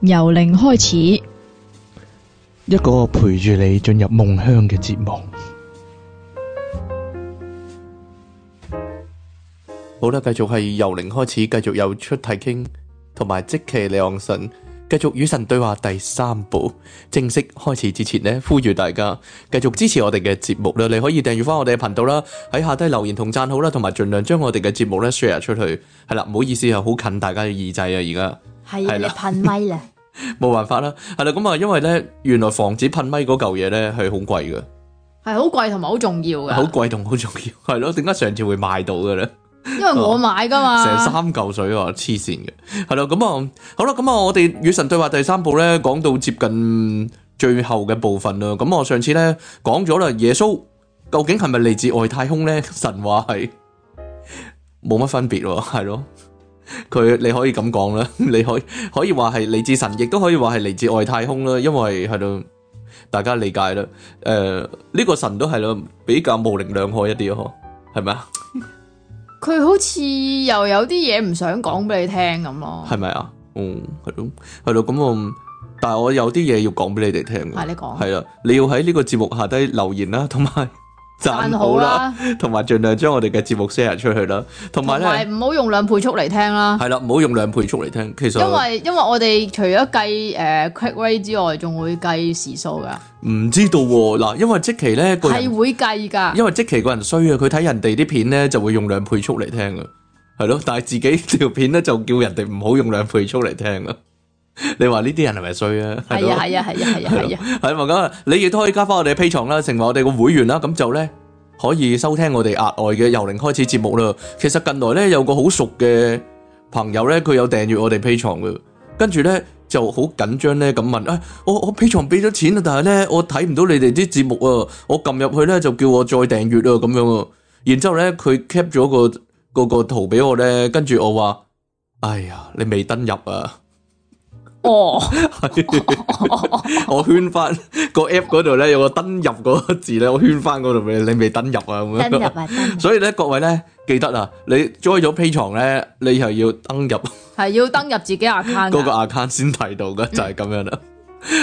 由零開始，一個陪住你進入夢鄉嘅節目。 好啦，繼續係由零開始，繼續有出題傾，同埋即刻嚟望神，繼續與神對話。第三部正式開始之前呢，呼籲大家繼續支持我哋嘅節目啦！你可以訂閱翻我哋嘅頻道啦，喺下低留言同讚好啦，同埋盡量將我哋嘅節目咧 share 出去。係啦，唔好意思啊，好近大家嘅耳際啊，而家。係啦，噴咪啦，冇 辦法啦，係啦，咁啊，因為咧，原來防止噴咪嗰嚿嘢咧係好貴噶，係好貴同埋好重要噶，好貴同好重要，係咯。點解上次會賣到嘅咧？因為我買噶嘛，成 三嚿水喎，黐綫嘅，係咯，咁、嗯、啊、嗯，好啦，咁、嗯、啊、嗯，我哋與神對話第三部咧，講到接近最後嘅部分啦，咁、嗯、我、嗯嗯、上次咧講咗啦，耶穌究竟係咪嚟自外太空咧？神話係冇乜分別喎，係咯。佢你可以咁講啦，你可以可以話係嚟自神，亦都可以話係嚟自外太空啦，因為係咯，大家理解啦。誒，呢個神都係咯比較模棱兩可一啲嗬，係咪啊？佢好似又有啲嘢唔想講俾你聽咁咯，係咪啊？嗯，係咯，係咯，咁啊，但係我有啲嘢要講俾你哋聽嘅，係你講，係啦，你要喺呢個節目下低留言啦，同埋。讚好啦，同埋盡量將我哋嘅節目 share 出去啦，同埋咧唔好用兩倍速嚟聽啦。係啦，唔好用兩倍速嚟聽。其實因為因為我哋除咗計誒 quick rate 之外，仲會計時數噶。唔知道嗱、啊，因為即期咧係會計噶。因為即期個人衰啊，佢睇人哋啲片咧就會用兩倍速嚟聽噶，係咯，但係自己條片咧就叫人哋唔好用兩倍速嚟聽啊。你話呢啲人係咪衰啊？係 啊，係啊，係啊，係啊，係啊，係咪咁，你亦都可以加翻我哋 Patreon 啦，成為我哋個會員啦。咁就咧可以收聽我哋額外嘅由零開始節目啦。其實近來咧有個好熟嘅朋友咧，佢有訂閱我哋 Patreon 嘅，跟住咧就好緊張咧咁問啊，我我 Patreon 俾咗錢啊，但係咧我睇唔到你哋啲節目啊，我撳入去咧就叫我再訂閱啊，咁樣啊。然之後咧佢 cap 咗個個個圖俾我咧，跟住我話哎呀，你未登入啊。哦，我圈翻個 app 嗰度咧有個登入嗰個字咧，我圈翻嗰度畀你，你未登入啊？登入埋，所以咧各位咧記得啊，你 join 咗 P 床咧，你係要登入，係要登入自己 account，嗰個 account 先睇到嘅，就係咁樣啦。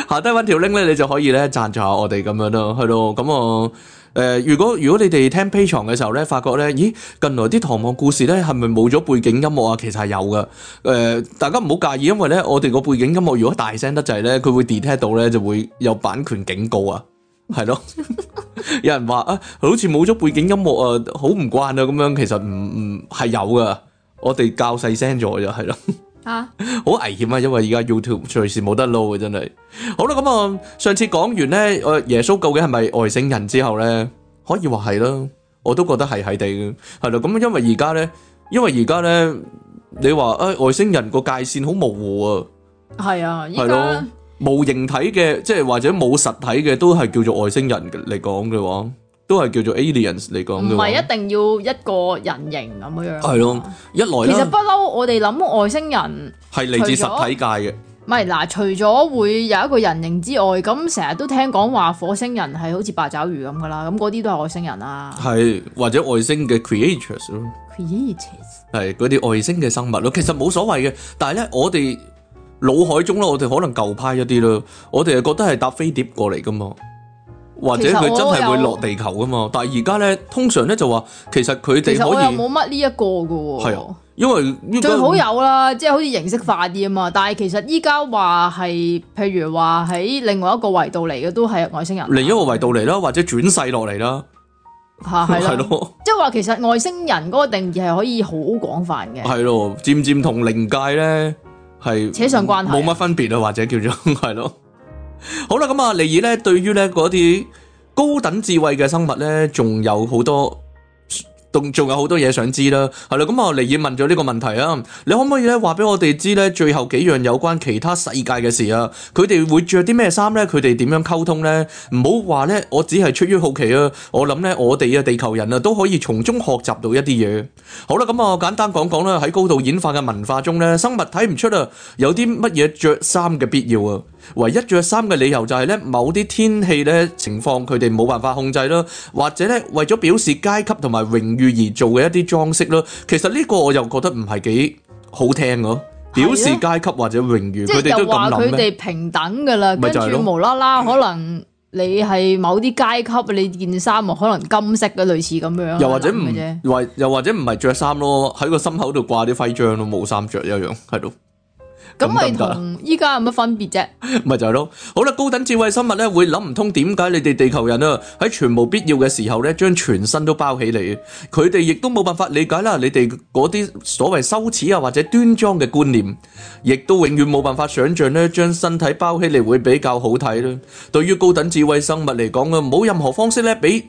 下低搵條 link 咧，你就可以咧讚助下我哋咁樣咯，係咯，咁啊。誒、呃，如果如果你哋聽 Pay 床嘅時候咧，發覺咧，咦，近來啲唐朧故事咧，係咪冇咗背景音樂啊？其實係有嘅。誒、呃，大家唔好介意，因為咧，我哋個背景音樂如果大聲得滯咧，佢會 detect 到咧，就會有版權警告啊。係咯， 有人話啊，好似冇咗背景音樂啊，好唔慣啊咁樣。其實唔唔係有嘅，我哋教細聲咗就係咯。吓，好、啊、 危險啊！因為而家 YouTube 隨時冇得 load 嘅，真係。好啦，咁、嗯、啊，上次講完咧，我、呃、耶穌究竟係咪外星人之後咧，可以話係啦，我都覺得係喺地嘅，係啦。咁因為而家咧，因為而家咧，你話誒、呃、外星人個界線好模糊啊，係啊，係咯，冇形體嘅，即係或者冇實體嘅，都係叫做外星人嚟講嘅話。都係叫做 Aliens 嚟講，唔係一定要一個人形咁樣樣。係咯，一來其實不嬲，我哋諗外星人係嚟自實體界嘅。唔係嗱，除咗會有一個人形之外，咁成日都聽講話火星人係好似八爪魚咁噶啦，咁嗰啲都係外星人啊。係或者外星嘅 creatures 咯，creatures 係嗰啲外星嘅生物咯。其實冇所謂嘅，但係咧，我哋腦海中咧，我哋可能舊派一啲咯，我哋係覺得係搭飛碟過嚟噶嘛。或者佢真係會落地球噶嘛？但係而家咧，通常咧就話，其實佢哋其實又冇乜呢一個噶。係啊，因為最好有啦，即係好似形式化啲啊嘛。但係其實依家話係，譬如話喺另外一個維度嚟嘅，都係外星人。另一個維度嚟啦，或者轉世落嚟啦，係咯啊，即係話其實外星人嗰個定義係可以好廣泛嘅。係咯啊，漸漸同靈界咧係扯上關係，冇乜分別啊，或者叫做係咯。好啦，咁啊，尼爾咧，對於咧嗰啲高等智慧嘅生物咧，仲有好多，都仲有好多嘢想知啦。係啦，咁啊，尼爾問咗呢個問題啊，你可唔可以咧話俾我哋知咧最後幾樣有關其他世界嘅事啊？佢哋會着啲咩衫咧？佢哋點樣溝通咧？唔好話咧，我只係出於好奇啊！我諗咧，我哋啊，地球人啊，都可以從中學習到一啲嘢。好啦，咁啊，簡單講講啦，喺高度演化嘅文化中咧，生物睇唔出啊，有啲乜嘢着衫嘅必要啊？唯一著衫嘅理由就係咧，某啲天氣咧情況，佢哋冇辦法控制咯，或者咧為咗表示階級同埋榮譽而做嘅一啲裝飾咯。其實呢個我又覺得唔係幾好聽咯，表示階級或者榮譽佢哋都咁諗咩？即係又話佢哋平等噶啦，跟住無啦啦，可能你係某啲階級，你件衫可能金色嘅，類似咁樣又或者唔或又或者唔係著衫咯，喺個心口度掛啲徽章咯，冇衫著一樣係咯。咁咪同依家有乜分別啫？咪就係咯，好啦，高等智慧生物咧，會諗唔通點解你哋地球人啊，喺全無必要嘅時候咧，將全身都包起嚟，佢哋亦都冇辦法理解啦。你哋嗰啲所謂羞恥啊或者端莊嘅觀念，亦都永遠冇辦法想象咧，將身體包起嚟會比較好睇啦。對於高等智慧生物嚟講啊，冇任何方式咧比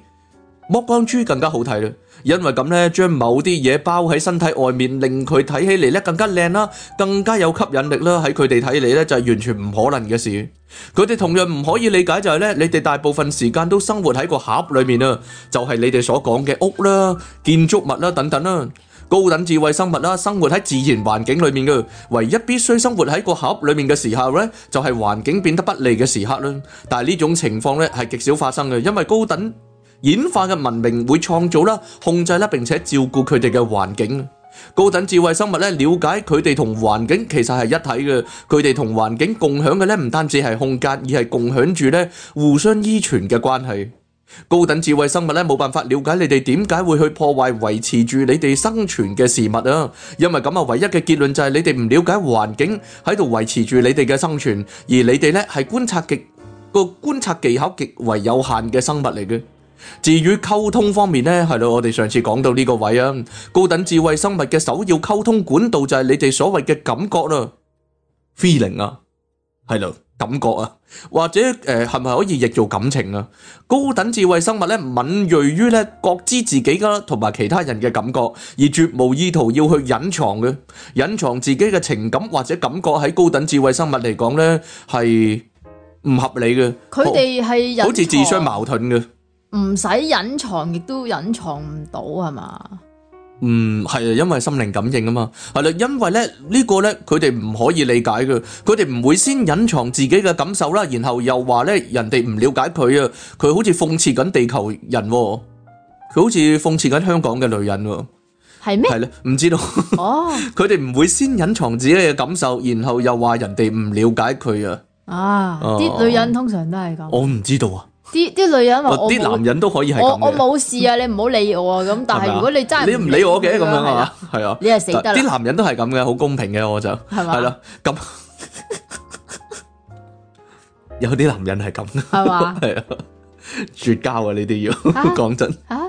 剝光豬更加好睇啦。因為咁咧，將某啲嘢包喺身體外面，令佢睇起嚟咧更加靚啦，更加有吸引力啦。喺佢哋睇嚟咧，就係完全唔可能嘅事。佢哋同樣唔可以理解就係咧，你哋大部分時間都生活喺個盒裏面啊，就係你哋所講嘅屋啦、建築物啦等等啦。高等智慧生物啦，生活喺自然環境裏面嘅，唯一必須生活喺個盒裏面嘅時候咧，就係環境變得不利嘅時刻啦。但係呢種情況咧，係極少發生嘅，因為高等。演化嘅文明會創造啦、控制啦，並且照顧佢哋嘅環境。高等智慧生物咧，了解佢哋同環境其實係一體嘅。佢哋同環境共享嘅咧，唔單止係空間，而係共享住咧互相依存嘅關係。高等智慧生物咧，冇辦法了解你哋點解會去破壞維持住你哋生存嘅事物啊。因為咁啊，唯一嘅結論就係你哋唔了解環境喺度維持住你哋嘅生存，而你哋咧係觀察極個觀察技巧極為有限嘅生物嚟嘅。至於溝通方面呢，係咯，我哋上次講到呢個位啊，高等智慧生物嘅首要溝通管道就係你哋所謂嘅感覺啦、啊、，feeling 啊，係咯，感覺啊，或者誒，係、呃、咪可以譯做感情啊？高等智慧生物咧，敏銳於咧覺知自己噶同埋其他人嘅感覺，而絕無意圖要去隱藏嘅，隱藏自己嘅情感或者感覺喺高等智慧生物嚟講咧係唔合理嘅，佢哋係好似自相矛盾嘅。唔使隱藏，亦都隱藏唔到，係嘛？嗯，係啊，因為心靈感應啊嘛，係啦，因為咧呢個咧，佢哋唔可以理解嘅，佢哋唔會先隱藏自己嘅感受啦，然後又話咧人哋唔了解佢啊，佢好似諷刺緊地球人，佢好似諷刺緊香港嘅女人喎，係咩？係啦，唔知道。哦，佢哋唔會先隱藏自己嘅感受，然後又話人哋唔了解佢啊。啊，啲女人通常都係咁。我唔知道啊。啲啲女人話，啲男人都可以係咁嘅。我我冇事啊，你唔好理我啊咁。但係如果你真係你唔理我嘅咁樣，係嘛？係啊，你係死得啦。啲男人都係咁嘅，好公平嘅，我就係嘛。係啦，咁有啲男人係咁。係嘛？係啊，絕交啊！呢啲要講真。啊，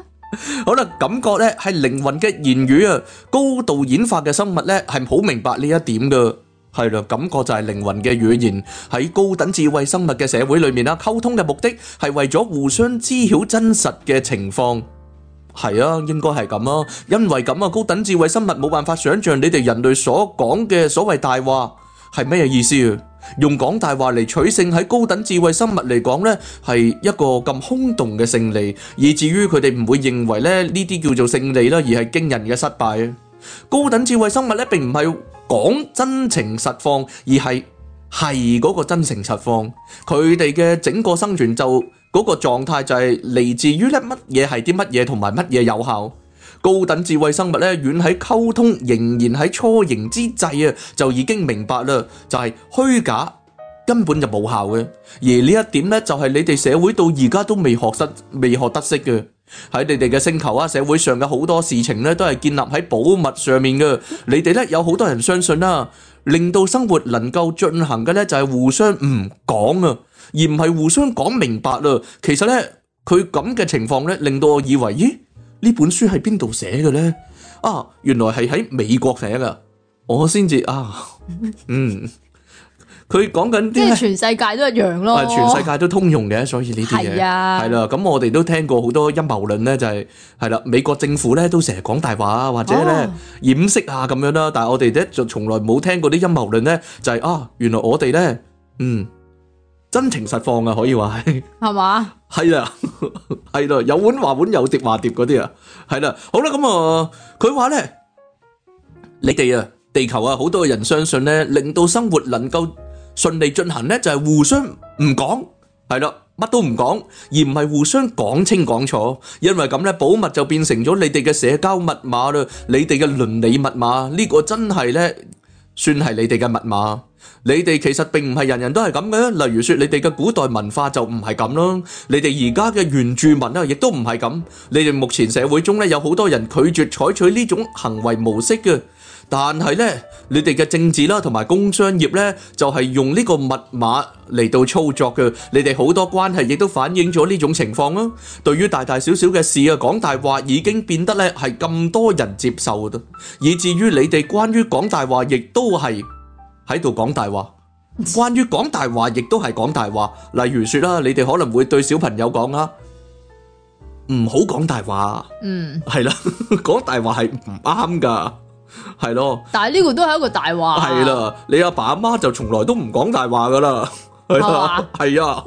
好啦，感覺咧係靈魂嘅言語啊，高度演化嘅生物咧係好明白呢一點嘅。係啦，感覺就係靈魂嘅語言，喺高等智慧生物嘅社會裏面啦，溝通嘅目的係為咗互相知曉真實嘅情況。係啊，應該係咁啊，因為咁啊，高等智慧生物冇辦法想象你哋人類所講嘅所謂大話係咩意思啊？用講大話嚟取勝喺高等智慧生物嚟講呢，係一個咁空洞嘅勝利，以至於佢哋唔會認為咧呢啲叫做勝利啦，而係驚人嘅失敗啊！高等智慧生物咧，並唔係。講真情實況，而係係嗰個真情實況。佢哋嘅整個生存就嗰個狀態就係嚟自於咧，乜嘢係啲乜嘢同埋乜嘢有效？高等智慧生物咧遠喺溝通仍然喺初形之際啊，就已經明白啦，就係、是、虛假根本就冇效嘅，而呢一點咧就係、是、你哋社會到而家都未學得未學得識嘅。喺你哋嘅星球啊，社會上嘅好多事情咧，都係建立喺保密上面嘅。你哋咧有好多人相信啦，令到生活能夠進行嘅咧就係互相唔講啊，而唔係互相講明白啦。其實咧，佢咁嘅情況咧，令到我以為咦呢本書係邊度寫嘅咧？啊，原來係喺美國寫㗎，我先至啊，嗯。佢講緊啲即係全世界都一樣咯，係全世界都通用嘅，所以呢啲嘢係啦。咁我哋都聽過好多陰謀論咧，就係，係啦。美國政府咧都成日講大話啊，或者咧掩飾下咁樣啦。但係我哋咧就從來冇聽過啲陰謀論咧，就係啊，原來我哋咧，嗯，真情實況啊，可以話係，係嘛，係啊，係咯，有碗話碗，有碟話碟嗰啲啊，係啦。好啦，咁啊，佢話咧，你哋啊，地球啊，好多人相信咧，令到生活能夠，順利進行呢，就係互相唔講，係咯，乜都唔講，而唔係互相講清講楚。因為咁呢，保密就變成咗你哋嘅社交密碼啦，你哋嘅倫理密碼。呢個真係呢，算係你哋嘅密碼。你哋其實並唔係人人都係咁嘅，例如説你哋嘅古代文化就唔係咁咯，你哋而家嘅原住民啊，亦都唔係咁。你哋目前社會中呢，有好多人拒絕採取呢種行為模式嘅。但係呢，你哋嘅政治啦，同埋工商業呢，就係用呢個密碼嚟到操作嘅。你哋好多關係亦都反映咗呢種情況啊。對於大大小小嘅事啊，講大話已經變得呢係咁多人接受嘅，以至於你哋關於講大話亦都係喺度講大話。關於講大話亦都係講大話。例如說啦，你哋可能會對小朋友講啦，唔好講大話。嗯，係啦，講大話係唔啱噶。係咯，但係呢個都係一個大話。係啦，你阿爸阿媽就從來都唔講大話噶啦。係啊，係啊，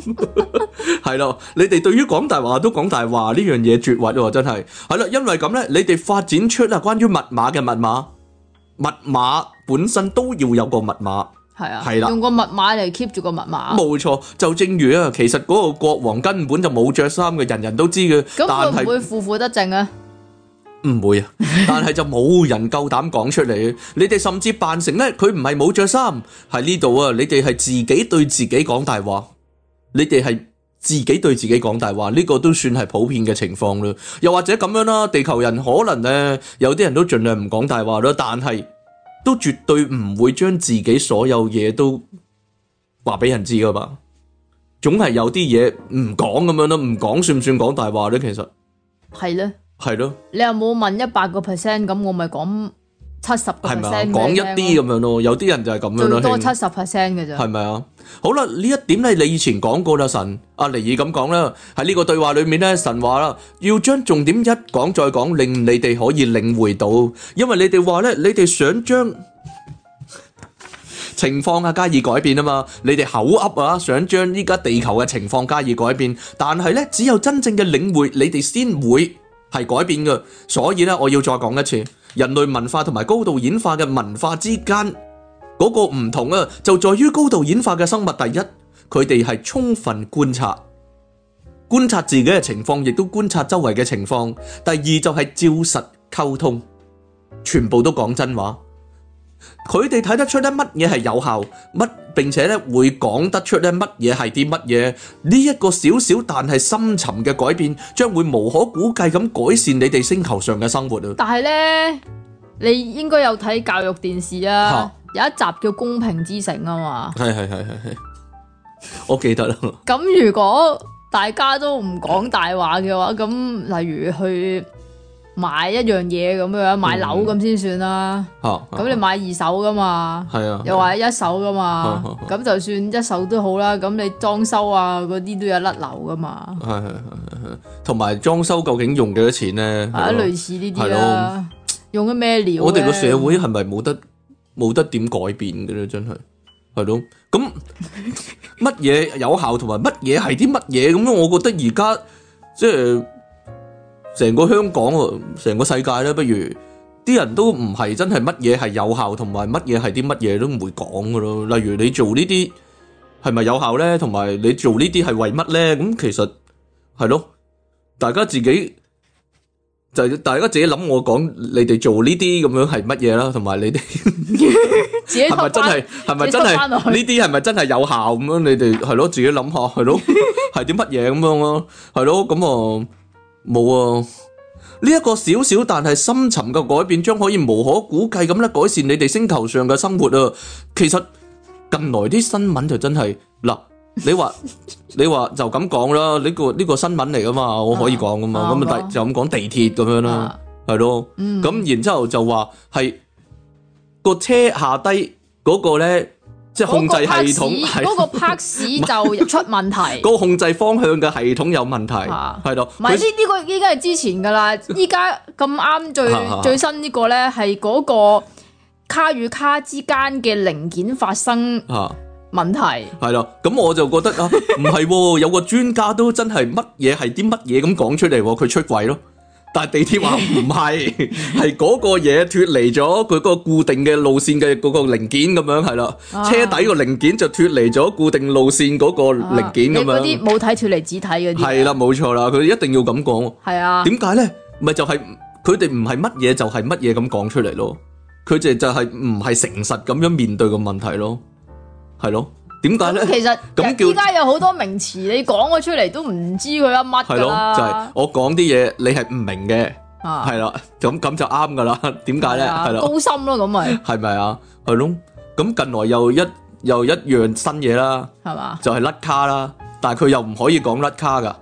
係咯。你哋對於講大話都講大話呢樣嘢，絕密，真係。係啦，因為咁咧，你哋發展出啊關於密碼嘅密碼，密碼本身都要有個密碼。係啊，係啦，用個密碼嚟 keep 住個密碼。冇錯，就正如啊，其實嗰個國王根本就冇着衫嘅，人，人人都知嘅。咁會唔會負負得正啊？唔會啊，但係就冇人夠膽講出嚟。 你哋甚至扮成咧，佢唔係冇着衫，喺呢度啊！你哋係自己對自己講大話，你哋係自己對自己講大話，呢個都算係普遍嘅情況啦。又或者咁樣啦，地球人可能咧有啲人都盡量唔講大話咯，但係都絕對唔會將自己所有嘢都話俾人知噶嘛。總係有啲嘢唔講咁樣咯，唔講算唔算講大話咧？其實係咧。係咯，你又冇問一百個 percent 咁，我咪講七十個 percent 講一啲咁樣咯。有啲人就係咁樣咯，最多七十 percent 嘅啫係咪啊？好啦，呢一點咧，你以前講過啦。神阿尼爾咁講啦，喺呢個對話裏面咧，神話啦，要將重點一講再講，令你哋可以領會到，因為你哋話咧，你哋想將情況啊加以改變啊嘛，你哋口噏啊想將依家地球嘅情況加以改變，但係咧只有真正嘅領會，你哋先會。係改變嘅，所以呢，我要再講一次，人類文化同埋高度演化嘅文化之間嗰個唔同啊，就在於高度演化嘅生物，第一，佢哋係充分觀察，觀察自己嘅情況，亦都觀察周圍嘅情況；第二就係照實溝通，全部都講真話。佢哋睇得出咧乜嘢係有效，乜並且咧會講得出咧乜嘢係啲乜嘢？呢一個小小但係深沉嘅改變，將會無可估計咁改善你哋星球上嘅生活啊！但係咧，你應該有睇教育電視啊，有一集叫《公平之城》啊嘛，係係係係係，我記得啦。咁如果大家都唔講大話嘅話，咁例如去。買一樣嘢咁樣，買樓咁先算啦。吓，咁你買二手噶嘛？係啊，又或者一手噶嘛？咁就算一手都好啦。咁你裝修啊，嗰啲都有甩漏噶嘛？係係係，同埋裝修究竟用幾多錢咧？係啊，類似呢啲咯。用啲咩料？我哋個社會係咪冇得冇得點改變嘅咧？真係係咯。咁乜嘢有效，同埋乜嘢係啲乜嘢？咁樣我覺得而家即係。成個香港，成個世界咧，不如啲人都唔係真係乜嘢係有效，同埋乜嘢係啲乜嘢都唔會講噶咯。例如你做呢啲係咪有效咧？同埋你做呢啲係為乜咧？咁其實係咯，大家自己就大家自己諗。我講你哋做呢啲咁樣係乜嘢啦？同埋你哋係咪真係？係咪真係呢啲係咪真係有效咁樣？你哋係咯，自己諗下係咯，係啲乜嘢咁樣咯？係咯，咁啊。冇啊！呢一個小小但係深沉嘅改變，將可以無可估計咁咧改善你哋星球上嘅生活啊！其實近來啲新聞就真係嗱，你話你話就咁講啦，呢個呢個新聞嚟噶嘛，我可以講噶嘛，咁啊地就咁講地鐵咁樣啦，係咯，咁然之後就話係個車下低嗰個咧。即係控制系統，嗰個卡士是就又出問題。 個控制方向嘅系統有問題，係咯。唔係，呢呢個應該係之前噶啦。依家咁啱最、啊、最新呢個咧，係嗰個卡與卡之間嘅零件發生問題。係咯、啊、咁、啊、 我就覺得啊，唔係，有個專家都真係乜嘢係啲乜嘢咁講出嚟，佢出軌咯。但係地鐵話唔係，係嗰 個嘢脫離咗佢個固定嘅路線嘅嗰個零件咁樣係啦，啊、車底個零件就脫離咗固定路線嗰個零件咁樣。嗰啲冇睇脫離，只睇嗰啲。係啦，冇錯啦，佢哋一定要咁講。係啊的。點解咧？咪就係佢哋唔係乜嘢就係乜嘢咁講出嚟咯？佢哋就係唔係誠實咁樣面對個問題咯？係咯？點解咧？咁其實，依家有好多名詞，你講咗出嚟，都唔知佢乜嘅啦。係咯，就係我講啲嘢，你係唔明嘅，係啦。咁咁就啱噶啦。點解咧？係啦，高深咯，咁咪係咪啊？係咯。咁近來又一又一樣新嘢啦，係嘛？就係甩卡啦，但係佢又唔可以講甩卡噶，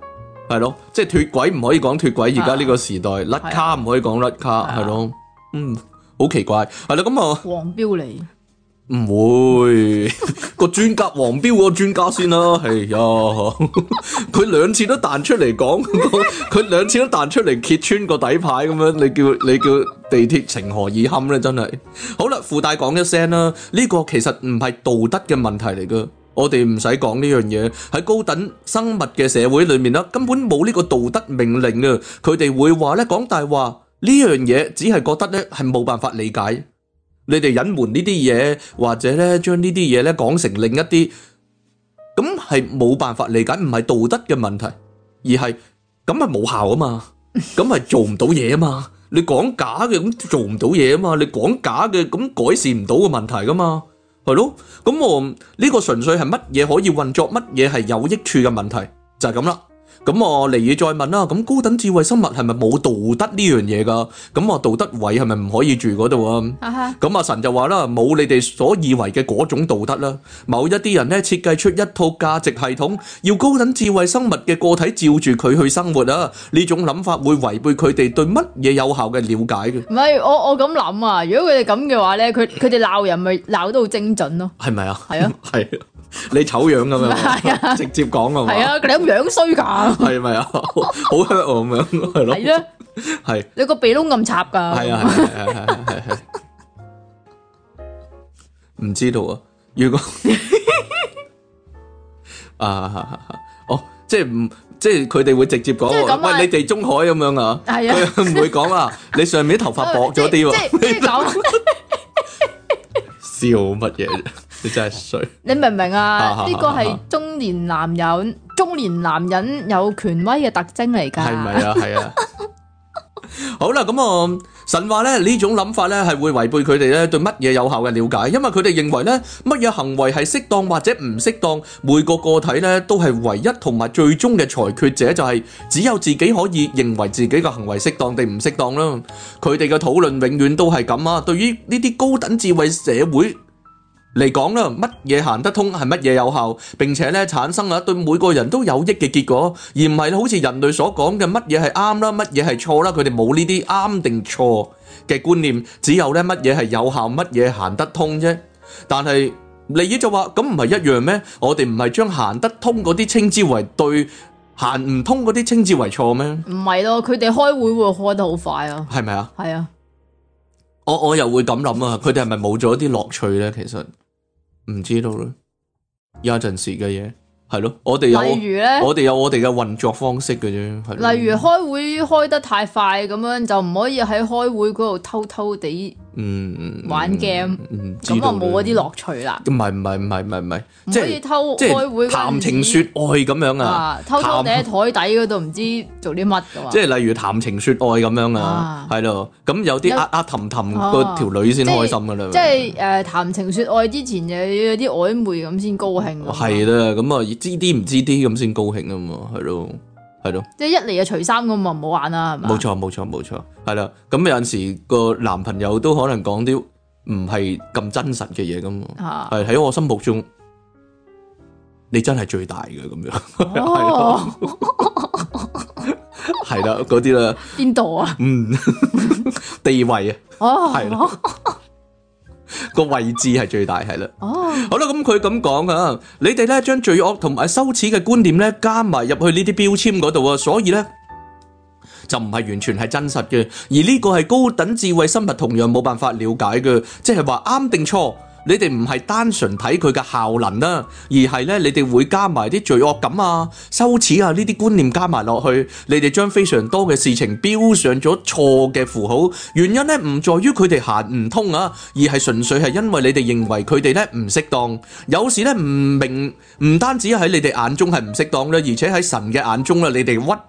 係咯？即係脫軌唔可以講脫軌，而家呢個時代甩卡唔可以講甩卡，係咯？嗯，好奇怪，係啦。咁啊，黃標嚟。唔不會個專 家黃標個專家先啦、啊，係 嘿呀，佢 兩次都彈出嚟講，佢 佢兩次都彈出嚟揭穿個底牌咁樣， 你叫你叫地鐵情何以堪咧？真係 好啦，附帶講一聲啦，呢、這個其實唔係道德嘅問題嚟噶，我哋唔使講呢樣嘢。喺高等生物嘅社會裏面啦，根本冇呢個道德命令啊，佢哋會話咧講大話，呢樣嘢只係覺得咧係冇辦法理解。你哋隱瞞呢啲嘢，或者咧將呢啲嘢咧講成另一啲，咁係冇辦法理解，唔係道德嘅問題，而係咁係無效啊嘛，咁係做唔到嘢啊嘛，你講假嘅咁做唔到嘢啊嘛，你講假嘅咁改善唔到嘅問題噶嘛，係咯，咁我呢個純粹係乜嘢可以運作，乜嘢係有益處嘅問題，就係咁啦。咁我嚟嘢再問啦，咁高等智慧生物係咪冇道德呢樣嘢噶？咁啊道德位係咪唔可以住嗰度啊？咁阿神就話啦，冇你哋所以為嘅嗰種道德啦。某一啲人呢設計出一套價值系統，要高等智慧生物嘅個體照住佢去生活啊。呢種諗法會違背佢哋對乜嘢有效嘅了解嘅。唔係我我咁諗啊，如果佢哋咁嘅話呢，佢佢哋鬧人咪鬧到精準咯？係咪啊？係啊，係 啊。 你醜樣咁樣？直接講係嘛？係啊，你樣衰噶，係咪啊？好吓我咁樣，係咯？係啊，係。你個鼻窿咁插噶？係啊，係係係係。唔知道啊？如果啊啊啊啊！哦，即係唔即係佢哋會直接講喎喂，你地中海咁樣啊？係啊，唔會講啦。你上面頭髮薄咗啲喎，即係走笑乜嘢？你真係衰！你明唔明啊？呢個係中年男人，中年男人有權威嘅特徵嚟噶。係咪啊？係啊。好啦，咁啊，神話咧呢種諗法咧係會違背佢哋咧對乜嘢有效嘅了解，因為佢哋認為咧乜嘢行為係適當或者唔適當，每個個體咧都係唯一同埋最終嘅裁決者，就係只有自己可以認為自己嘅行為適當定唔適當囉。佢哋嘅討論永遠都係咁啊！對於呢啲高等智慧社會。嚟講啦，乜嘢行得通係乜嘢有效，並且咧產生啊，對每個人都有益嘅結果，而唔係好似人類所講嘅乜嘢係啱啦，乜嘢係錯啦，佢哋冇呢啲啱定錯嘅觀念，只有咧乜嘢係有效，乜嘢行得通啫。但係你就話咁唔係一樣咩？我哋唔係將行得通嗰啲稱之為對，行唔通嗰啲稱之為錯咩？唔係咯，佢哋開會會開得好快啊？係咪啊？係啊，我我又會咁諗啊，佢哋係咪冇咗啲樂趣咧？其實。唔知道咯，有陣時嘅嘢係咯，我哋有,例如呢？有我哋有我哋嘅運作方式嘅啫。例如開會開得太快咁樣，就唔可以喺開會嗰度偷偷地。嗯，玩 game 咁啊，冇嗰啲樂趣啦。唔係唔係唔係唔係唔係，即係偷，即係談情説愛咁樣啊，啊偷偷地喺台底嗰度唔知做啲乜嘅，即係例如談情説愛咁樣啊，係咯、啊。咁有啲呃呃，氹氹嗰條女先開心㗎、啊、啦。即係誒談情説愛之前就有啲曖昧咁先高興。係啦，咁啊知啲唔知啲咁先高興啊嘛，係咯。係咯，即係一嚟就除衫咁啊，唔好玩啦，係嘛？冇錯冇錯冇錯，係啦。咁有陣時個男朋友都可能講啲唔係咁真實嘅嘢，咁啊，係喺我心目中，你真係最大嘅咁樣，係啦、哦 的，嗰啲啦，邊度啊？嗯， 地位啊，哦的，係咯。個位置係最大係啦，哦，oh。好啦，咁佢咁講啊，你哋咧將罪惡同埋羞恥嘅觀念咧加埋入去呢啲標籤嗰度啊，所以咧就唔係完全係真實嘅，而呢個係高等智慧生物同樣冇辦法了解嘅，即係話啱定錯。你哋唔係單純睇佢嘅效能啦，而係咧你哋會加埋啲罪惡感啊、羞恥啊呢啲觀念加埋落去，你哋將非常多嘅事情標上咗錯嘅符號。原因咧唔在於佢哋行唔通啊，而係純粹係因為你哋認為佢哋咧唔適當。有時咧唔明，唔單止喺你哋眼中係唔適當咧，而且喺神嘅眼中咧，你哋屈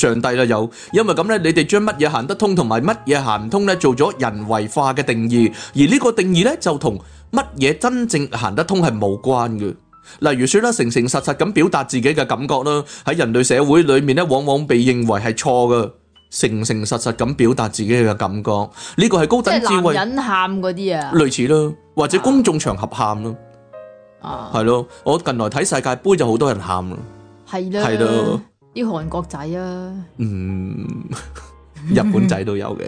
上帝啦有。因為咁咧，你哋將乜嘢行得通同埋乜嘢行唔通咧，做咗人為化嘅定義，而呢個定義咧就同，乜嘢真正行得通係無關嘅，例如說啦，誠誠實實咁表達自己嘅感覺啦，喺人類社會裏面咧，往往被認為係錯嘅。誠誠實實咁表達自己嘅感覺，呢個係高等智慧。即係男人喊嗰啲啊，類似咯，或者公眾場合喊咯，啊，係咯，我近來睇世界盃就好多人喊啦，係啦，係咯，啲韓國仔啊，嗯，日本仔都有嘅，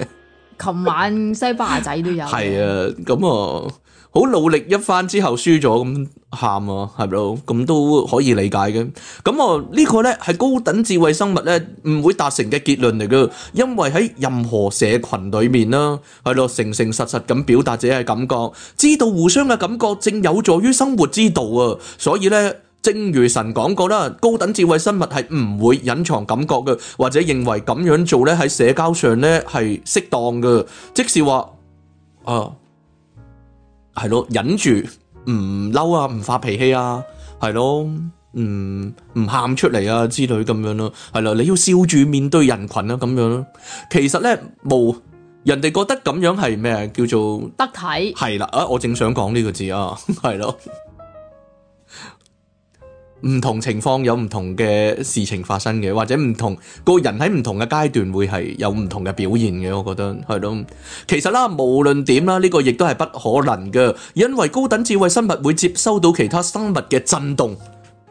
琴 晚西班牙仔都有，係啊， 咁啊。好努力一番之後輸咗咁喊啊，係咯？咁都可以理解嘅。咁我呢個呢，係高等智慧生物呢唔會達成嘅結論嚟嘅，因為喺任何社群裡面啦，係咯，誠誠實實咁表達自己嘅感覺，知道互相嘅感覺正有助於生活之道啊。所以呢，正如神講過啦，高等智慧生物係唔會隱藏感覺嘅，或者認為咁樣做呢，喺社交上呢係適當嘅，即使話啊。係咯，忍住唔嬲啊，唔發脾氣啊，係咯，唔唔喊出嚟啊，之類咁樣咯，係啦，你要笑住面對人群啊，咁樣咯。其實咧，冇人哋覺得咁樣係咩叫做得體，係啦啊！我正想講呢個字啊，係咯。唔同情況有唔同嘅事情發生嘅，或者唔同個人喺唔同嘅階段會係有唔同嘅表現嘅，我覺得係咯。其實啦，無論點啦，呢個亦都係不可能嘅，因為高等智慧生物會接收到其他生物嘅震動，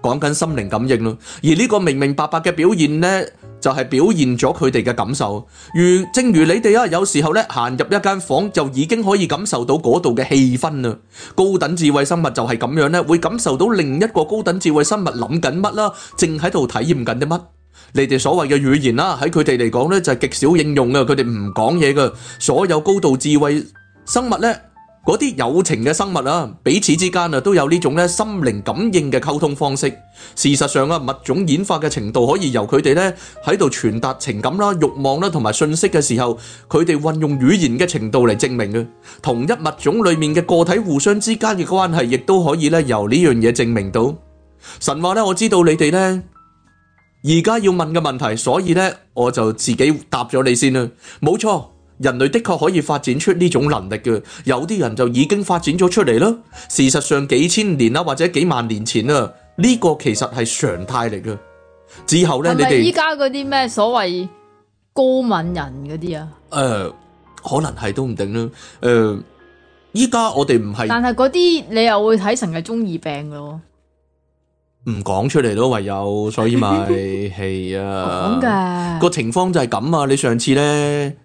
講緊心靈感應咯。而呢個明明白白嘅表現呢，就係表現咗佢哋嘅感受，如正如你哋啊，有時候咧行入一間房就已經可以感受到嗰度嘅氣氛啦。高等智慧生物就係咁樣咧，會感受到另一個高等智慧生物諗緊乜啦，正喺度體驗緊啲乜。你哋所謂嘅語言啦，喺佢哋嚟講咧就係極少應用嘅，佢哋唔講嘢嘅。所有高度智慧生物咧。嗰啲友情嘅生物啊，彼此之間啊都有呢種咧心靈感應嘅溝通方式。事實上啊，物種演化嘅程度可以由佢哋咧喺度傳達情感啦、慾望啦同埋信息嘅時候，佢哋運用語言嘅程度嚟證明嘅。同一物種裏面嘅個體互相之間嘅關係，亦都可以咧由呢樣嘢證明到。神話咧，我知道你哋咧而家要問嘅問題，所以咧我就自己答咗你先啦。冇錯。人類的確可以發展出呢種能力嘅，有啲人就已經發展咗出嚟啦。事實上，幾千年啦，或者幾萬年前啊，呢、這個其實係常態嚟嘅。之後咧，你哋依家嗰啲咩所謂高敏人嗰啲啊？誒、呃，可能係都唔定啦。誒、呃，依家我哋唔係，但係嗰啲你又會睇成係中二病嘅咯。唔講出嚟咯，唯有所以咪係啊。咁嘅個情況就係咁啊！你上次咧。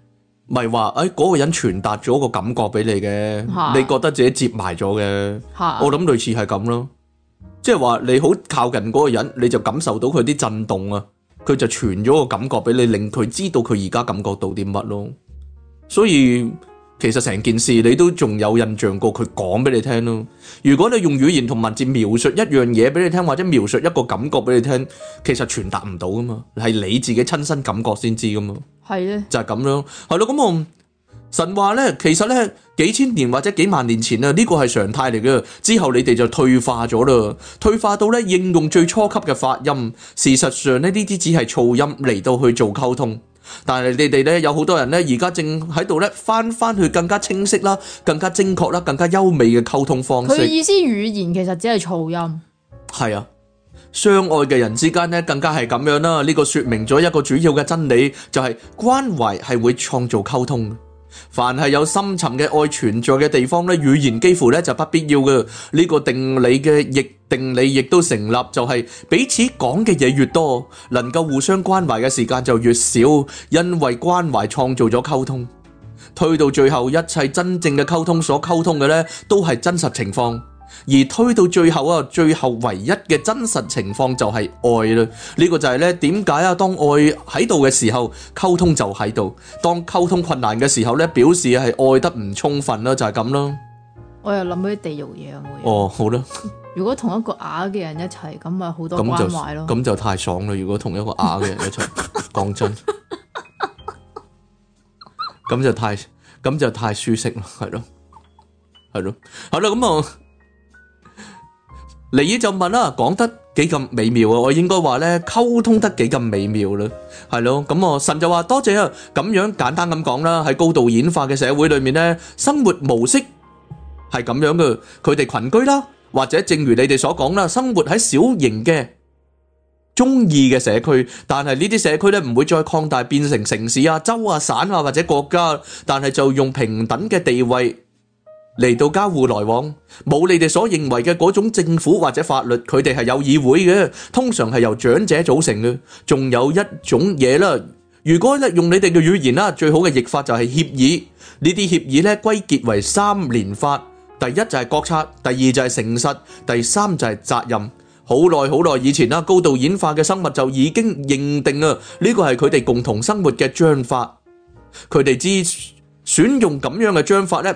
唔係話，誒嗰個人傳達咗個感覺俾你嘅，的你覺得自己接埋咗嘅，的我諗類似係咁咯。即係話你好靠近嗰個人，你就感受到佢啲震動啊，佢就傳咗個感覺俾你，令佢知道佢而家感覺到啲乜咯。所以。其實成件事你都仲有印象過，佢講俾你聽咯。如果你用語言同文字描述一樣嘢俾你聽，或者描述一個感覺俾你聽，其實傳達唔到噶嘛，係你自己親身感覺先知噶嘛。係咧，就係咁樣。係咯，咁啊神話咧，其實咧幾千年或者幾萬年前啊，呢個係常態嚟噶之後你哋就退化咗啦，退化到咧應用最初級嘅發音。事實上咧，呢啲只係噪音嚟到去做溝通。但係你哋咧，有好多人咧，而家正喺度咧，返返去更加清晰啦，更加精確啦，更加優美嘅溝通方式。佢意思語言其實只係噪音。係啊，相愛嘅人之間咧，更加係咁樣啦、啊。呢、這個說明咗一個主要嘅真理，就係、是、關懷係會創造溝通。凡係有深層嘅愛存在嘅地方咧，語言幾乎咧就不必要嘅。呢、這個定理嘅逆定理亦都成立，就是，就係彼此講嘅嘢越多，能夠互相關懷嘅時間就越少，因為關懷創造咗溝通。推到最後，一切真正嘅溝通所溝通嘅呢，都係真實情況。而推到最後啊，最後唯一嘅真實情況就係愛啦。呢個就係咧，點解啊？當愛喺度嘅時候，溝通就喺度；當溝通困難嘅時候咧，表示係愛得唔充分啦，就係咁咯。我又諗起地獄嘢我。哦，好啦。如果同一個啞嘅人一齊，咁咪好多關懷咯。咁就太爽啦！如果同一個啞嘅人一齊，講真，咁就太咁就太舒適啦，係咯，係咯，係啦，咁啊。尼爾就問啦，講得幾咁美妙啊！我應該話呢，溝通得幾咁美妙啦，係咯？咁我神就話多謝啊！咁樣簡單咁講啦，喺高度演化嘅社會裏面呢，生活模式係咁樣嘅。佢哋群居啦，或者正如你哋所講啦，生活喺小型嘅中意嘅社區，但係呢啲社區咧唔會再擴大變成城市啊、州啊、省啊或者國家，但係就用平等嘅地位，嚟到交戶來往，冇你哋所認為嘅嗰種政府或者法律，佢哋係有議會嘅，通常係由長者組成嘅。仲有一種嘢啦，如果咧用你哋嘅語言啦，最好嘅譯法就係協議。呢啲協議咧歸結為三連法：第一就係國策，第二就係誠實，第三就係責任。好耐好耐以前啦，高度演化嘅生物就已經認定嘞，呢個係佢哋共同生活嘅章法。佢哋之選用咁樣嘅章法呢。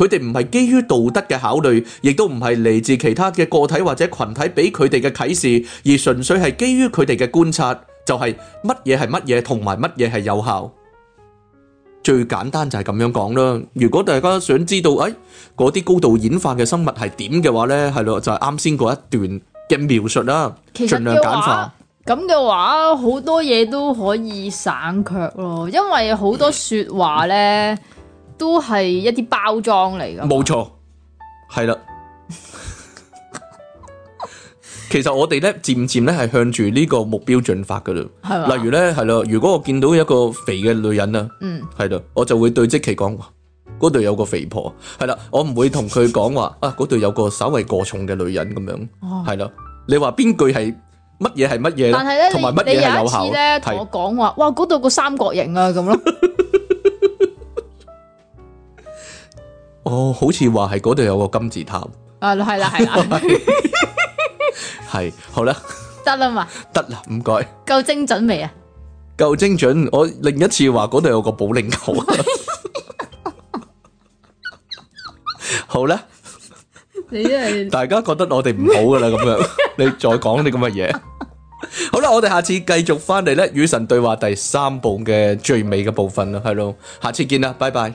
佢哋唔係基於道德嘅考慮，亦都唔係嚟自其他嘅個體或者群體俾佢哋嘅啟示，而純粹係基於佢哋嘅觀察，就係乜嘢係乜嘢，同埋乜嘢係有效。最簡單就係咁樣講啦。如果大家想知道誒嗰啲高度演化嘅生物係點嘅話呢，係咯，就係啱先嗰一段嘅描述啦。盡量簡化。咁嘅話，好多嘢都可以省卻咯，因為好多說話呢。都係一啲包裝嚟噶，冇錯，係啦。其實我哋咧，漸漸咧係向住呢個目標進發噶啦。係嘛？例如咧，係咯，如果我見到一個肥嘅女人啊，嗯，係咯，我就會對即其講，嗰度有個肥婆，係啦，我唔會同佢講話啊，嗰度有個稍微過重嘅女人咁樣，係咯。你話邊句係乜嘢係乜嘢但係咧？同埋乜嘢係有效咧？同我講話，哇，嗰度個三角形啊，咁咯。哦，好似話係嗰度有個金字塔。啊，係啦，係啦，係。好啦，得啦嘛，得啦，唔該。夠精準未啊？夠精準。我另一次話嗰度有個保齡球。好啦，你即係大家覺得我哋唔好噶啦，咁樣你再講啲咁嘅嘢。好啦，我哋下次繼續翻嚟咧，與神對話第三部嘅最尾嘅部分啦，係咯，下次見啦，拜拜。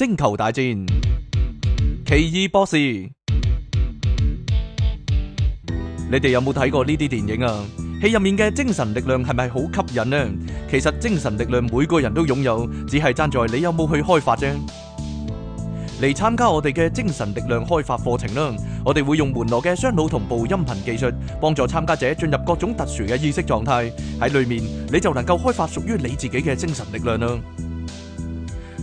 星球大戰、奇異博士，你哋有冇睇過呢啲電影啊？戲入面嘅精神力量係咪好吸引呢？其實精神力量每個人都擁有，只係爭在你有冇去開發啫。嚟參加我哋嘅精神力量開發課程啦！我哋會用門羅嘅雙腦同步音頻技術，幫助參加者進入各種特殊嘅意識狀態。喺裏面你就能夠開發屬於你自己嘅精神力量啦！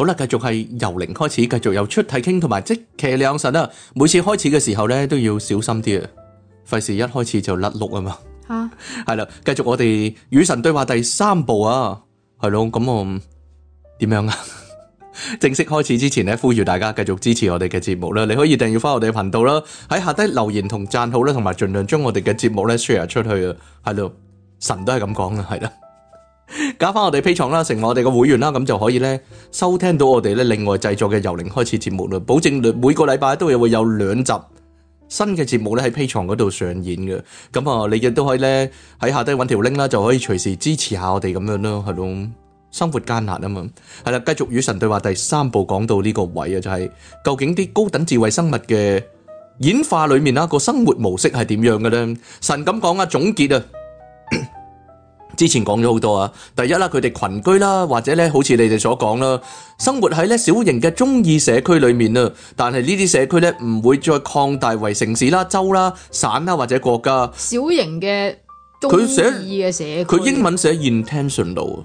好啦，繼續係由零開始，繼續由出體傾，同埋即騎兩神啊！每次開始嘅時候咧，都要小心啲啊，費事一開始就甩碌啊嘛。吓係啦，繼 續我哋與神對話第三部啊，係咯，咁我點樣啊？ 正式開始之前咧，呼籲大家繼續支持我哋嘅節目啦，你可以訂閱翻我哋頻道啦，喺下低留言同讚好啦，同埋盡量將我哋嘅節目咧 share 出去啊，係咯，神都係咁講啊，係啦。加翻我哋 Patreon 啦，成為我哋個會員啦，咁就可以呢收聽到我哋呢另外製作嘅由零開始節目啦。保證每個禮拜都又會有兩集新嘅節目呢喺 Patreon 嗰度上演嘅。咁啊，你亦都可以呢喺下低揾條 link 啦，就可以隨時支持下我哋咁樣咯，係咯。生活艱難啊嘛，係啦。繼續與神對話第三部講到呢個位啊，就係究竟啲高等智慧生物嘅演化裏面啦，個生活模式係點樣嘅呢？神咁講啊，總結啊。之前講咗好多啊，第一啦，佢哋群居啦，或者咧，好似你哋所講啦，生活喺咧小型嘅中意社區裏面啊，但係呢啲社區咧唔會再擴大為城市啦、州啦、省啦或者國家。小型嘅佢寫意嘅社區，佢英文寫 intentional 啊。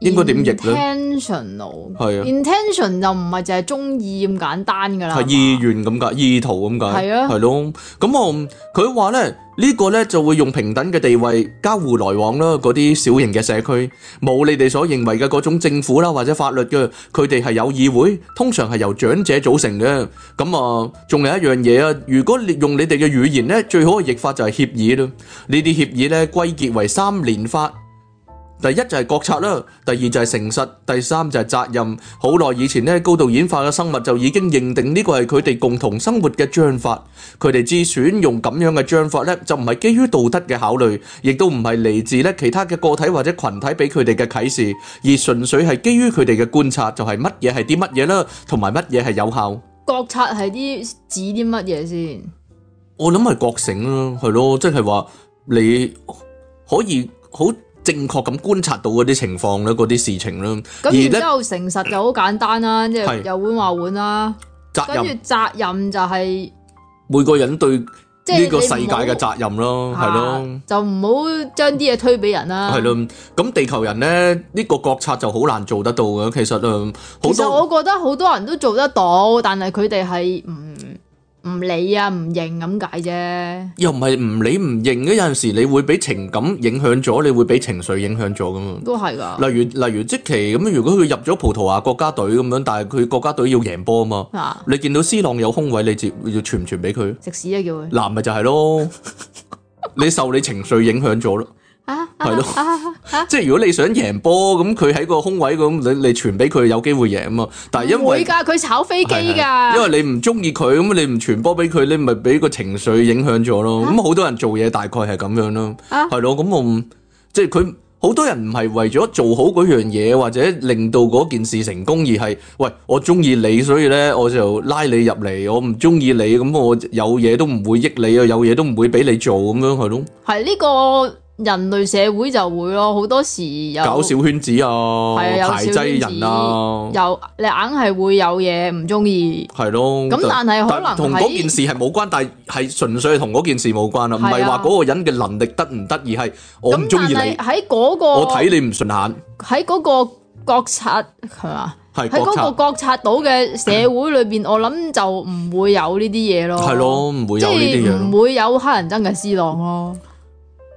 應該點譯咧？intentional 係啊，intention 就唔係淨係中意咁簡單噶啦，係意願咁解，意圖咁解，係咯，係咯。咁啊，佢話咧呢個咧就會用平等嘅地位交互來往啦。嗰啲小型嘅社區冇你哋所認為嘅嗰種政府啦，或者法律嘅，佢哋係有議會，通常係由長者組成嘅。咁啊，仲有一樣嘢，啊，如果你用你哋嘅語言咧，最好嘅譯法就係協議咯。呢啲協議咧歸結為三聯法。第一就係覺察啦，第二就係誠實，第三就係責任。好耐以前咧，高度演化嘅生物就已經認定呢個係佢哋共同生活嘅章法。佢哋自選用咁樣嘅章法咧，就唔係基於道德嘅考慮，亦都唔係嚟自咧其他嘅個體或者群體俾佢哋嘅啟示，而純粹係基於佢哋嘅觀察，就係乜嘢係啲乜嘢啦，同埋乜嘢係有效。覺察係啲指啲乜嘢先？我諗係覺醒咯，係咯，即係話你可以好。正確咁觀察到嗰啲情況咧，嗰啲事情咧。咁而，而之後誠、嗯、實就好簡單啦，即係是有碗話碗啦。跟住責，任責任就係、是、每個人對呢個世界嘅責任咯，係咯。是是就唔好將啲嘢推俾人啦。係咯，咁地球人咧呢、這個國策就好難做得到嘅。其實啊，其實多我覺得好多人都做得到，但係佢哋係唔。嗯唔理啊，唔認咁解啫。又唔係唔理唔認嘅，有陣時你會俾情感影響咗，你會俾情緒影響咗噶嘛？都係噶。例如例如即期咁，如果佢入咗葡萄牙國家隊咁樣，但係佢國家隊要贏波啊嘛。你見到 C 朗有空位，你就要傳唔傳俾佢？食屎啊叫佢。嗱咪就係咯，你受你情緒影響咗咯。啊，係咯，即係如果你想贏波咁，佢喺個空位咁，你你傳俾佢有機會贏啊嘛。但係因為唔會噶，佢炒飛機噶，因為你唔中意佢咁，你唔傳波俾佢，你，咪俾個情緒影響咗咯。咁好多人做嘢大概係咁樣咯，係咯。咁我即係佢好多人唔係為咗做好嗰樣嘢或者令到嗰件事成功，而係喂，我中意你，所以咧我就拉你入嚟。我唔中意你咁，我有嘢都唔會益你啊，有嘢都唔會俾你做咁樣係咯。係呢個。人類社會就會咯，好多時有搞小圈子啊，係啊，排擠人啊，有你硬係會有嘢唔中意。係咯，咁但係可能同嗰件事係冇關，但係純粹係同嗰件事冇關啦，唔係話嗰個人嘅能力得唔得，而係我唔中意你。喺嗰個我睇你唔順眼。喺嗰個覺察，係嘛？喺嗰個覺察到嘅社會裏邊，我諗就唔會有呢啲嘢咯。係咯，唔會有呢啲嘢，唔會有黑人憎嘅思浪咯。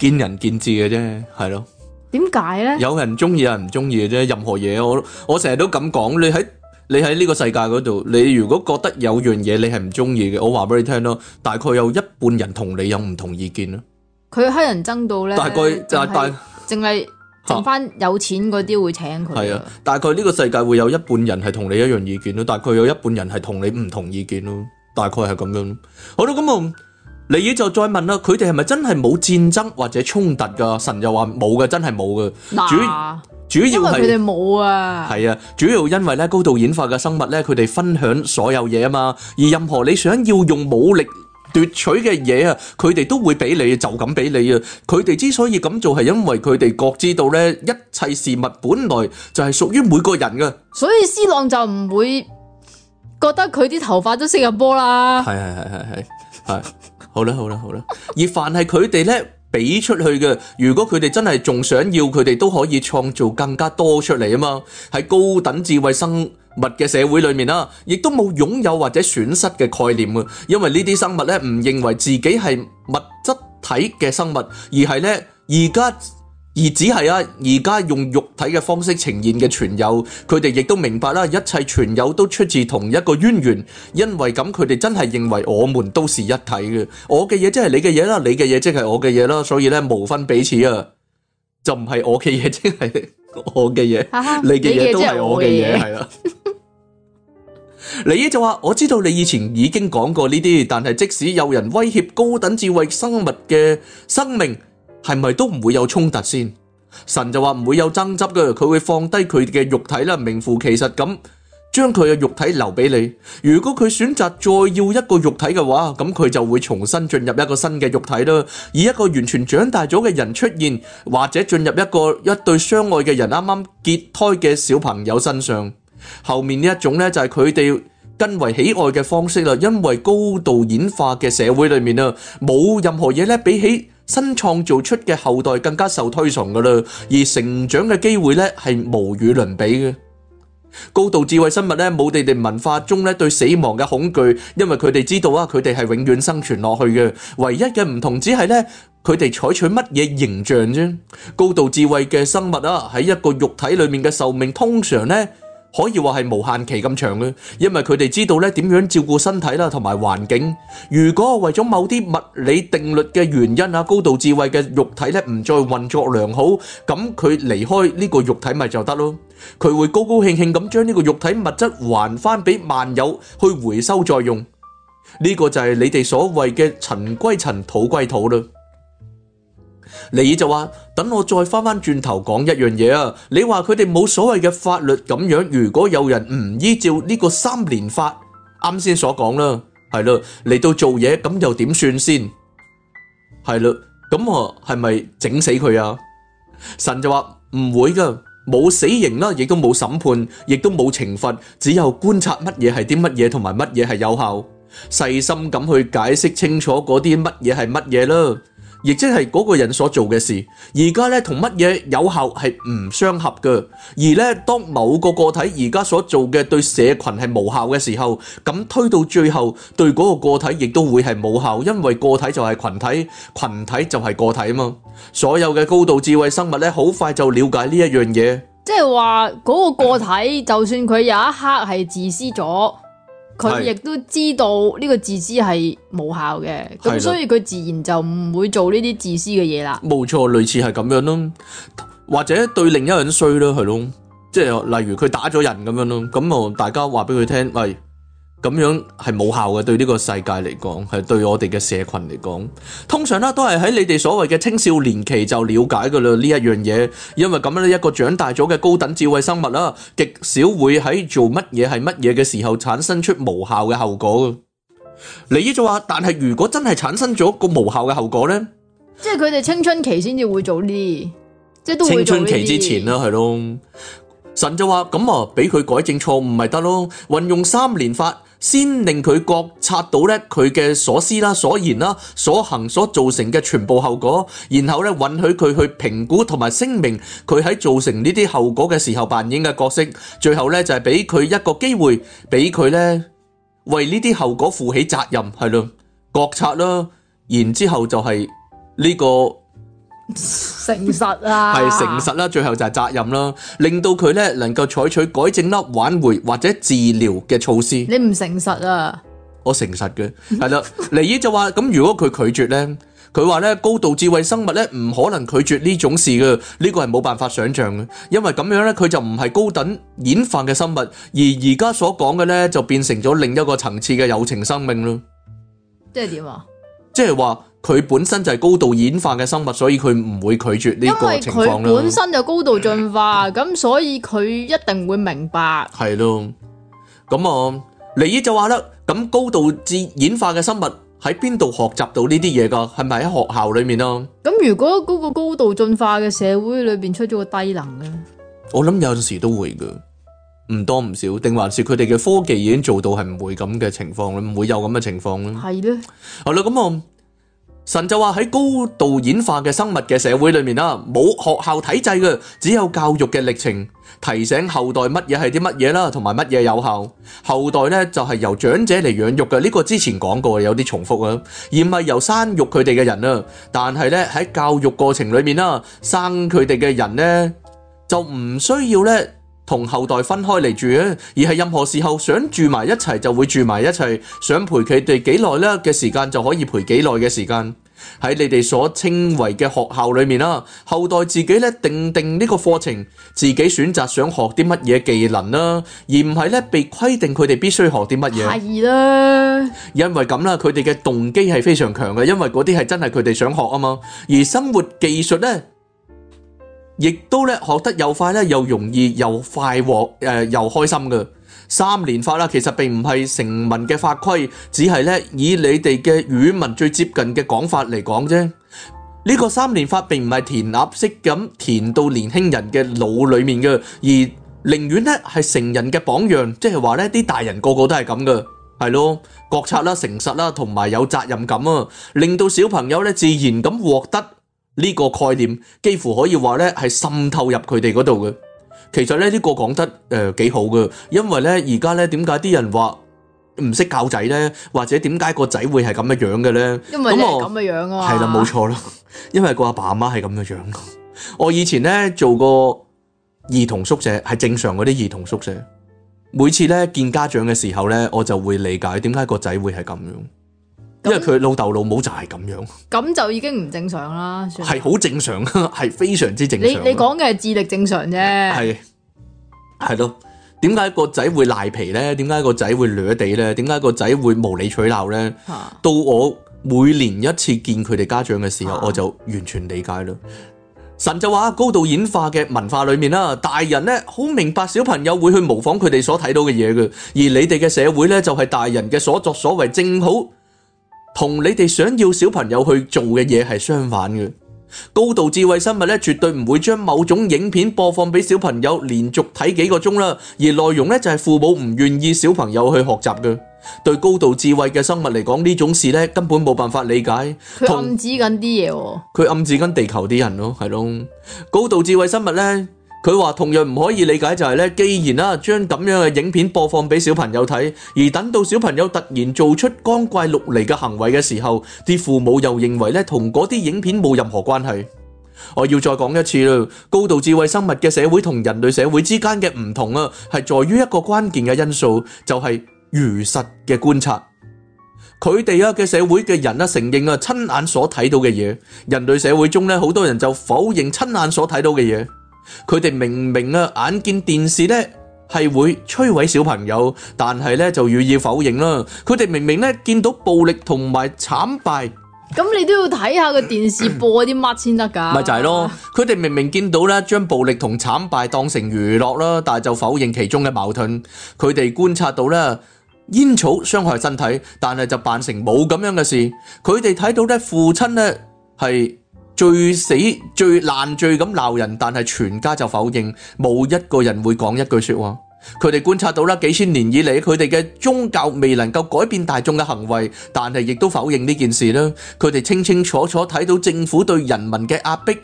見仁見智嘅啫，係咯？點解咧？有人中意，有人唔中意嘅啫。任何嘢，我我成日都咁講。你喺你喺呢個世界嗰度，你如果覺得有樣嘢你係唔中意嘅，我話俾你聽咯。大概有一半人同你有唔同意見咯。佢黑人憎到咧，大概就係淨係剩翻有錢嗰啲會請佢。係啊，大概呢個世界會有一半人係同你一樣意見咯，大概有一半人係同你唔同意見咯。大概係咁樣。好啦，咁啊，尼爾就再問啦，佢哋係咪真係冇戰爭或者衝突噶神又話冇嘅，真係冇嘅。主主要係佢哋冇啊。係啊，主要因為咧，高度演化嘅生物咧，佢哋分享所有嘢，啊嘛。而任何你想要用武力奪取嘅嘢啊，佢哋都會俾你，就咁俾你啊。佢哋之所以咁做，係因為佢哋覺知道咧，一切事物本來就係屬於每個人噶。所以斯朗就唔會。覺得佢啲頭髮都識入波啦，係係係係係係，好啦好啦好啦。而凡係佢哋咧俾出去嘅，如果佢哋真係仲想要，佢哋都可以創造更加多出嚟啊嘛。喺高等智慧生物嘅社會裏面啦，亦都冇擁有，有或者損失嘅概念嘅，因為呢啲生物咧唔認為自己係物質體嘅生物，而係咧而家。而只係啊，而家用肉體嘅方式呈現嘅全有，佢哋亦都明白啦，一切全有都出自同一個淵源，因為咁佢哋真係認為我們都是一體嘅。我嘅嘢即係你嘅嘢啦，你嘅嘢即係我嘅嘢啦，所以咧無分彼此啊，就唔係我嘅嘢即係我嘅嘢，你嘅嘢都係我嘅嘢，係啦。尼 爾就話：我知道你以前已經講過呢啲，但係即使有人威脅高等智慧生物嘅生命。係咪都唔會有衝突先？神就話唔會有爭執嘅，佢會放低佢嘅肉體啦，名副其實咁將佢嘅肉體留俾你。如果佢選擇再要一個肉體嘅話，咁佢就會重新進入一個新嘅肉體啦，以一個完全長大咗嘅人出現，或者進入一個一對相愛嘅人啱啱結胎嘅小朋友身上。後面呢一種呢，就係佢哋更為喜愛嘅方式啦，因為高度演化嘅社會裏面啦，冇任何嘢咧比起，新創造出嘅後代更加受推崇噶啦，而成長嘅機會咧係無與倫比嘅。高度智慧生物咧，冇你哋文化中咧對死亡嘅恐懼，因為佢哋知道啊，佢哋係永遠生存落去嘅。唯一嘅唔同只係咧，佢哋採取乜嘢形象啫。高度智慧嘅生物啊，喺一個肉體裏面嘅壽命通常咧，可以話係無限期咁長嘅，因為佢哋知道咧點樣照顧身體啦，同埋環境。如果係為咗某啲物理定律嘅原因啊，高度智慧嘅肉體咧唔再運作良好，咁佢離開呢個肉體咪就得咯。佢會高高興興咁將呢個肉體物質還翻俾萬有去回收再用。呢個就係你哋所謂嘅塵歸塵，土歸土啦。尼爾就話等我再翻翻轉頭講一樣嘢啊！你話佢哋冇所謂嘅法律咁樣，如果有人唔依照呢個三連法啱先所講啦，係咯嚟到做嘢咁又點算先？係咯，咁我係咪整死佢啊？神就話唔會噶，冇死刑啦，亦都冇審判，亦都冇懲罰，只有觀察乜嘢係啲乜嘢，同埋乜嘢係有效，細心咁去解釋清楚嗰啲乜嘢係乜嘢啦。亦即係嗰個人所做嘅事，而家咧同乜嘢有效係唔相合嘅。而咧當某個個體而家所做嘅對社群係無效嘅時候，咁推到最後對嗰個個體亦都會係無效，因為個體就係群體，群體就係個體啊嘛。所有嘅高度智慧生物咧，好快就了解呢一樣嘢，即係話嗰個個體就算佢有一刻係自私咗。佢亦都知道呢個自私係無效嘅，咁的所以佢自然就唔會做呢啲自私嘅嘢啦。冇錯，類似係咁樣咯，或者對另一個人衰咯，係咯，即係例如佢打咗人咁樣咯，咁啊大家話俾佢聽，喂。咁樣係無效嘅，對呢個世界嚟講，係對我哋嘅社群嚟講，通常啦都係喺你哋所謂嘅青少年期就了解㗎喇呢一樣嘢。因為咁樣咧一個長大咗嘅高等智慧生物啦，極少會喺做乜嘢係乜嘢嘅時候產生出無效嘅後果。李姨就話：但係如果真係產生咗個無效嘅後果呢，即係佢哋青春期先至會做呢，即係都青春期之前啦，係咯。神就話：咁啊，俾佢改正錯誤咪得咯，運用三連法。先令佢覺察到咧佢嘅所思啦、所言啦、所行所造成嘅全部後果，然後咧允許佢去評估同埋聲明佢喺造成呢啲後果嘅時候扮演嘅角色，最後咧就係俾佢一個機會，俾佢咧為呢啲後果負起責任，係咯，覺察咯，然之後就係呢個。誠實啊，係誠實啦，最後就係責任啦，令到佢咧能夠採取改正啦，挽回，或者治療嘅措施。你唔誠實啊？我誠實嘅，係啦。尼爾就話咁，如果佢拒絕咧，佢話咧高度智慧生物咧唔可能拒絕呢種事嘅，呢個係冇辦法想象嘅，因為咁樣咧佢就唔係高等演化嘅生物，而而家所講嘅咧就變成咗另一個層次嘅有情生命咯。即係點啊？即係話。佢本身就係高度演化嘅生物，所以佢唔會拒絕呢個情況。因為佢本身就高度進化，咁 所以佢一定會明白。係咯，咁啊，黎姨就話啦：咁高度至演化嘅生物喺邊度學習到呢啲嘢？噶係咪喺學校裏面啊？咁如果嗰個高度進化嘅社會裏邊出咗個低能嘅，我諗有陣時都會噶，唔多唔少，定還是佢哋嘅科技已經做到係唔會咁嘅情況啦，唔會有咁嘅情況啦。係咧的，啦，咁啊。神就話喺高度演化嘅生物嘅社會裏面啦，冇學校體制嘅，只有教育嘅歷程，提醒後代乜嘢係啲乜嘢啦，同埋乜嘢有效。後代咧就係由長者嚟養育嘅，呢個之前講過，有啲重複啊，而唔係由生育佢哋嘅人啊。但係咧喺教育過程裏面啦，生佢哋嘅人咧就唔需要咧。同後代分開嚟住啊，而係任何時候想住埋一齊就會住埋一齊，想陪佢哋幾耐呢嘅時間就可以陪幾耐嘅時間。喺你哋所稱為嘅學校裏面啦，後代自己咧定定呢個課程，自己選擇想學啲乜嘢技能啦，而唔係咧被規定佢哋必須學啲乜嘢。係啦，因為咁啦，佢哋嘅動機係非常強嘅，因為嗰啲係真係佢哋想學啊嘛，而生活技術咧，亦都咧學得又快咧，又容易又快活誒，又開心嘅。三連法啦，其實並唔係成文嘅法規，只係咧以你哋嘅語文最接近嘅講法嚟講啫。呢個三連法並唔係填鴨式咁填到年輕人嘅腦裏面嘅，而寧願咧係成人嘅榜樣，即係話咧啲大人個個都係咁嘅，係咯，覺察啦，誠實啦，同埋有責任感啊，令到小朋友咧自然咁獲得。呢個概念幾乎可以話咧係滲透入佢哋嗰度嘅。其實咧呢個講得誒幾好嘅，因為呢而家咧點解啲人話唔識教仔呢？或者點解個仔會係咁嘅樣嘅咧？咁我咁嘅樣啊，係啦冇錯啦，因為個阿爸阿媽係咁嘅樣。 我以前呢做過兒童宿舍，係正常嗰啲兒童宿舍。每次呢見家長嘅時候呢，我就會理解點解個仔會係咁樣。因為佢老豆老母就係咁樣，咁就已經唔正常啦。係好正常，係非常之正常。你你講嘅係智力正常啫，係係咯。點解個仔會賴皮咧？點解個仔會掠地咧？點解個仔會無理取鬧咧？哈到我每年一次見佢哋家長嘅時候，哈我就完全理解啦。神就話高度演化嘅文化裏面啦，大人咧好明白小朋友會去模仿佢哋所睇到嘅嘢嘅，而你哋嘅社會咧就係大人嘅所作所為，正好同你哋想要小朋友去做嘅嘢係相反嘅。高度智慧生物咧，絕對唔會將某種影片播放俾小朋友連續睇幾個鐘啦。而內容咧就係父母唔願意小朋友去學習嘅。對高度智慧嘅生物嚟講，呢種事咧根本冇辦法理解。佢暗指緊啲嘢，佢暗指緊地球啲人咯，係咯。高度智慧生物咧。佢話同樣唔可以理解就係咧，既然啦，將咁樣嘅影片播放俾小朋友睇，而等到小朋友突然做出光怪陸離嘅行為嘅時候，啲父母又認為咧同嗰啲影片冇任何關係。我要再講一次啦，高度智慧生物嘅社會同人類社會之間嘅唔同啊，係在於一個關鍵嘅因素就係如實嘅觀察。佢哋啊嘅社會嘅人啊承認啊親眼所睇到嘅嘢，人類社會中咧好多人就否認親眼所睇到嘅嘢。佢哋明明啊，眼見電視咧係會摧毀小朋友，但係咧就予以否認啦。佢哋明明咧見到暴力同埋慘敗，咁你都要睇下個電視播啲乜先得㗎？咪 就係、是、咯，佢哋明明見到啦，將暴力同慘敗當成娛樂啦，但係就否認其中嘅矛盾。佢哋觀察到啦，煙草傷害身體，但係就扮成冇咁樣嘅事。佢哋睇到咧，父親咧係。最死最爛最咁鬧人，但係全家就否認，冇一個人會講一句說話。佢哋觀察到啦，幾千年以嚟，佢哋嘅宗教未能夠改變大眾嘅行為，但係亦都否認呢件事啦。佢哋清清楚楚睇到政府對人民嘅壓迫，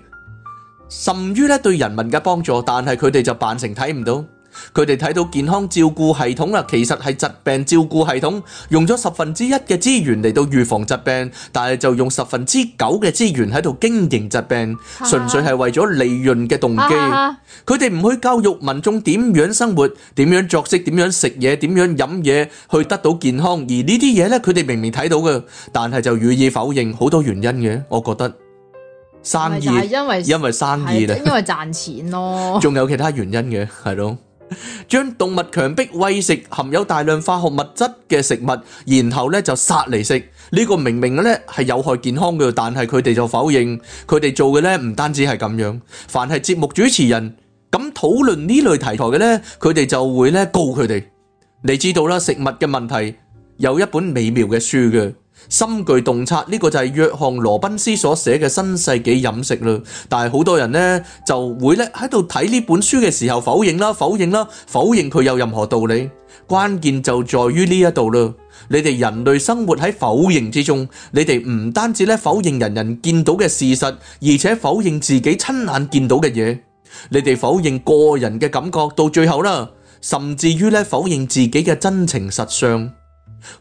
甚於咧對人民嘅幫助，但係佢哋就扮成睇唔到。佢哋睇到健康照顧系統啦，其實係疾病照顧系統，用咗十分之一嘅資源嚟到預防疾病，但係就用十分之九嘅資源喺度經營疾病，純、啊、粹係為咗利潤嘅動機。佢哋唔去教育民眾點樣生活，點樣作息，點樣食嘢，點樣飲嘢，去得到健康。而呢啲嘢呢，佢哋明明睇到嘅，但係就予以否認，好多原因嘅，我覺得生意因為因為生意啦，因為賺錢咯，仲有其他原因嘅，係咯。將動物強迫餵食含有大量化學物質嘅食物，然後咧就殺嚟食。呢個明明嘅咧係有害健康嘅，但係佢哋就否認。佢哋做嘅咧唔單止係咁樣，凡係節目主持人咁討論呢類題材嘅咧，佢哋就會咧告佢哋。你知道啦，食物嘅問題有一本美妙嘅書嘅。深具洞察呢個就係約翰羅賓斯所寫嘅新世紀飲食啦，但係好多人呢就會咧喺度睇呢本書嘅時候否認啦，否認啦，否認佢有任何道理。關鍵就在於呢一度啦，你哋人類生活喺否認之中，你哋唔單止咧否認人人見到嘅事實，而且否認自己親眼見到嘅嘢，你哋否認個人嘅感覺，到最後啦，甚至於咧否認自己嘅真情實相。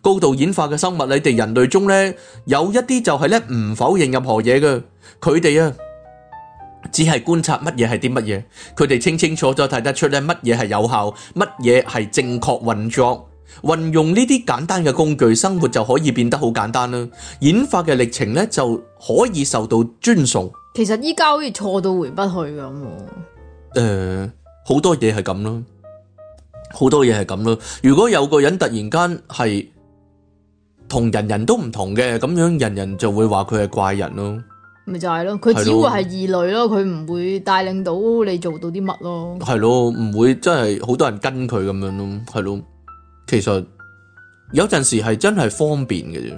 高度演化嘅生物，你哋人類中呢有一啲就係呢唔否認任何嘢嘅，佢哋啊只係觀察乜嘢係啲乜嘢，佢哋清清楚楚睇得出呢乜嘢係有效，乜嘢係正確運作，運用呢啲簡單嘅工具，生活就可以變得好簡單啦。演化嘅歷程呢就可以受到尊崇。其實依家好似錯到回不去咁，誒，好多嘢係咁咯，好多嘢係咁咯。如果有個人突然間係。同人人都唔同嘅，咁樣人人就會話佢係怪人咯，咪就係咯，佢只會係異類咯，佢唔會帶領到你做到啲乜咯，係咯，唔會真係好多人跟佢咁樣咯，係咯，其實有陣時係真係方便嘅啫，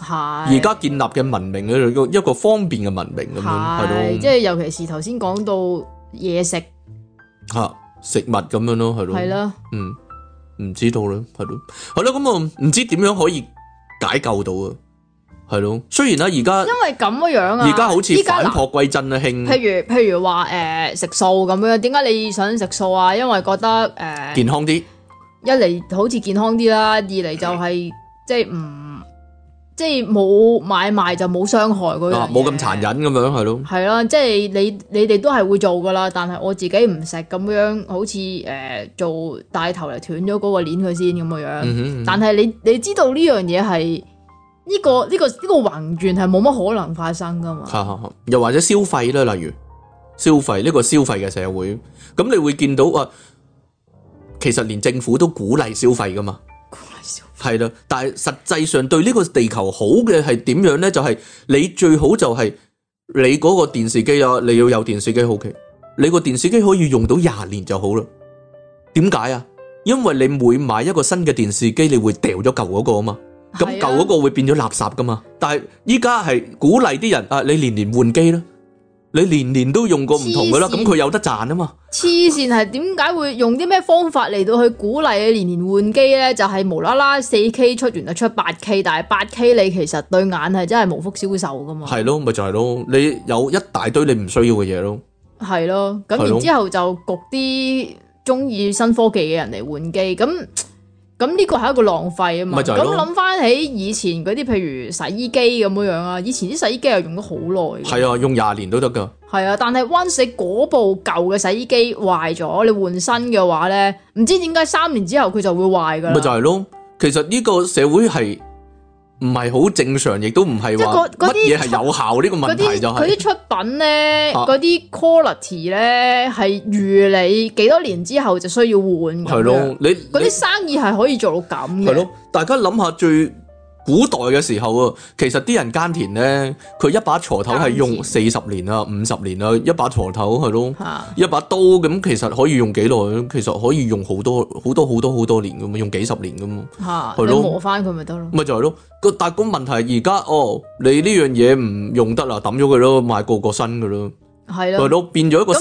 係而家建立嘅文明嘅一個一個方便嘅文明咁樣，係咯，即係尤其是頭先講到嘢食吓食物咁樣咯，係咯，係咯，嗯，唔知道咯，係咯，係咯，咁我唔知點樣可以。解救到啊，係咯。雖然啦而家，因為咁嘅樣啊，而家好似返璞歸真啊，興。譬如譬如話誒食素咁樣，點解你想食素啊？因為覺得誒健康啲，一嚟，好似健康啲啦，二嚟就係即係唔。即係冇買賣就冇傷害佢，啊，冇咁殘忍咁樣係咯，係咯，即係你你哋都係會做噶啦，但係我自己唔食咁樣，好似誒做帶頭嚟，斷咗嗰個鏈佢先咁嘅樣。但係你你知道呢樣嘢係呢個呢、這個呢、這個循環係冇乜可能發生噶嘛？ 又或者消費啦，例如消費呢、這個消費嘅社會，咁你會見到啊，其實連政府都鼓勵消費噶嘛。係啦，但係實際上對呢個地球好嘅係點樣咧？就係、是、你最好就係你嗰個電視機啊，你要有電視機好嘅，你個電視機可以用到廿年就好啦。點解啊？因為你每買一個新嘅電視機，你會掉咗舊嗰個啊嘛，咁舊嗰個會變咗垃圾噶嘛。但係依家係鼓勵啲人啊，你年年換機啦。你年年都用過唔同噶啦，咁佢有得賺啊嘛？黐線係點解會用啲咩方法嚟到去鼓勵你年年換機咧？就係、是、無啦啦四 K 出完就出八 K，但係八 K 你其實對眼係真係無福消受噶嘛？係咯，咪就係、是、咯，你有一大堆你唔需要嘅嘢咯。係咯，咁然之後就焗啲中意新科技嘅人嚟換機咁。咁呢個係一個浪費啊嘛，咁諗翻起以前嗰啲譬如洗衣機咁樣樣啊，以前啲洗衣機又用咗好耐。係啊，用廿年都得噶。係啊，但係温死嗰部舊嘅洗衣機壞咗，你換新嘅話咧，唔知點解三年之後佢就會壞㗎啦。咪就係咯，其實呢個社會係。唔係好正常，亦都唔係話乜嘢係有效，呢些個問題就係佢啲出品咧，嗰啲 quality 咧係預你幾多年之後就需要換。係咯，你嗰啲生意係可以做到咁嘅。係咯，大家諗下最。古代嘅時候啊，其實啲人耕田咧，佢一把鋤頭係用四十年啊、五十年啊，一把鋤頭係咯，啊、一把刀咁其實可以用幾耐？其實可以用好多好多好多好多年噶嘛，用幾十年噶嘛，係、啊、咯，磨翻佢咪得咯。咪就係咯，個但係個問題而家哦，你呢樣嘢唔用得啦，抌咗佢咯，買個個新噶咯，係咯，變咗一個消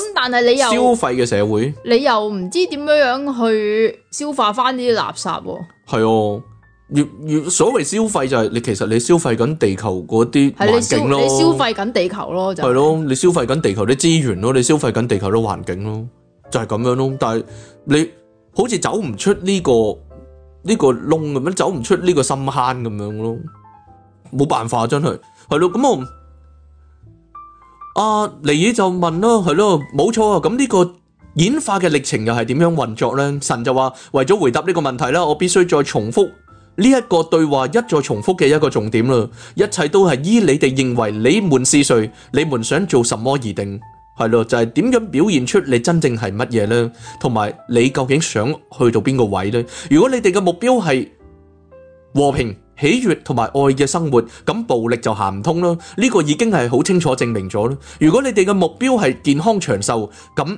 費嘅社會。你又唔知點樣樣去消化翻呢啲垃圾喎？係啊。要要所謂消費就係你，其實你消費緊地球嗰啲環境咯，你消費緊地球咯，係咯，你消費緊地球啲資源咯，你消費緊地球啲環境咯，就係咁樣咯。但係你好似走唔出呢個呢個窿咁樣，走唔出呢個深坑咁樣咯，冇辦法真係係咯。咁我阿尼爾就問啦，係咯，冇錯啊。咁呢個演化嘅歷程又係點樣運作咧？神就話為咗回答呢個問題啦，我必須再重複。呢一個對話一再重複嘅一個重點啦，一切都係依你哋認為你們是誰，你們想做什麼而定，係咯，就係點樣表現出你真正係乜嘢呢，同埋你究竟想去到邊個位呢？如果你哋嘅目標係和平、喜悅同埋愛嘅生活，咁暴力就行唔通啦。呢個已經係好清楚證明咗啦。如果你哋嘅目標係健康長壽，咁。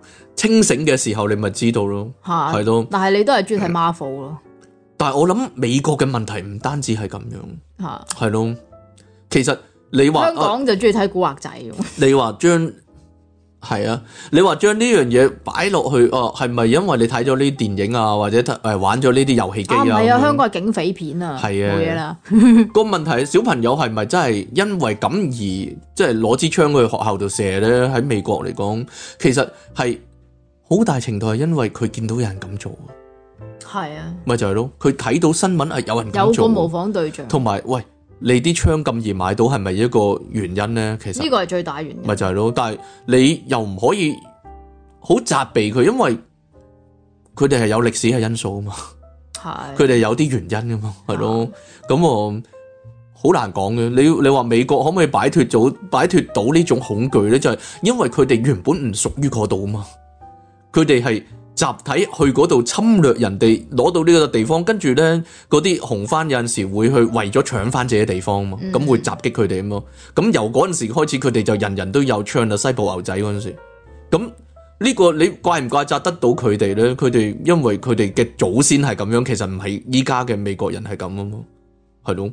清醒嘅時候你咪知道咯，係哈咯。但係你都係中意睇 Marvel 咯、嗯。但係我諗美國嘅問題唔單止係咁樣，係哈咯。其實你話香港就中意睇古惑仔。你話將係啊，你話將呢樣嘢擺落去，哦、啊，係咪因為你睇咗呢啲電影啊，或者誒玩咗呢啲遊戲機啊？唔係啊，啊啊樣香港係警匪片啊，係啊，冇嘢會啦。 個問題小朋友係咪真係因為咁而即係攞支槍去學校度射咧？喺美國嚟講，其實係。好大程度係因為佢見到有人咁做，係啊，咪就係咯。佢睇到新聞係有人有個模仿對象，同埋喂，你啲槍咁易買到係咪一個原因咧？其實呢個係最大原因，咪就係咯。但係你又唔可以好責備佢，因為佢哋係有歷史嘅因素啊嘛，係佢哋有啲原因噶嘛，係咯。咁我好難講嘅。你你話美國可唔可以擺脫到擺脫到呢種恐懼咧？就係因為佢哋原本唔屬於嗰度啊嘛。佢哋係集體去嗰度侵略人哋，攞到呢個地方，跟住呢，嗰啲紅番有陣時會去為咗搶翻這些地方嘛，咁、mm hmm. 會襲擊佢哋啊嘛，咁由嗰陣時開始，佢哋就人人都有槍啦。西部牛仔嗰陣時，咁呢個你怪唔怪責得到佢哋呢？佢哋因為佢哋嘅祖先係咁樣，其實唔係依家嘅美國人係咁啊嘛，係咯。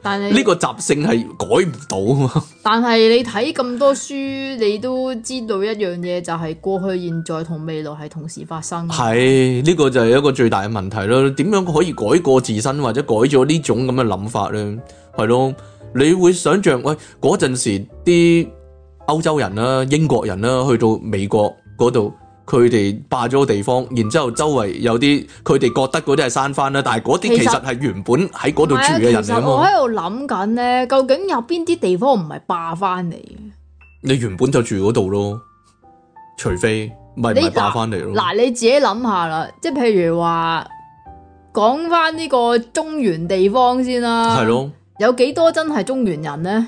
但係呢個習性係改唔到啊嘛。但係你睇咁多書，你都知道一樣嘢就係過去、現在同未來係同時發生。係，呢個就係一個最大嘅問題咯。點樣可以改過自身或者改咗呢種咁嘅諗法呢？係咯，你會想象喂，嗰陣時啲歐洲人啦、英國人啦去到美國嗰度。佢哋霸咗個地方，然之後周圍有啲佢哋覺得嗰啲係山翻啦，但係嗰啲其實係原本喺嗰度住嘅人嚟，啊、我喺度諗緊咧，究竟有邊啲地方唔係霸翻嚟嘅？你原本就住嗰度咯，除非咪唔係霸翻嚟咯。嗱，你自己諗下啦，即係譬如話講翻呢個中原地方先啦，係咯，有幾多真係中原人咧？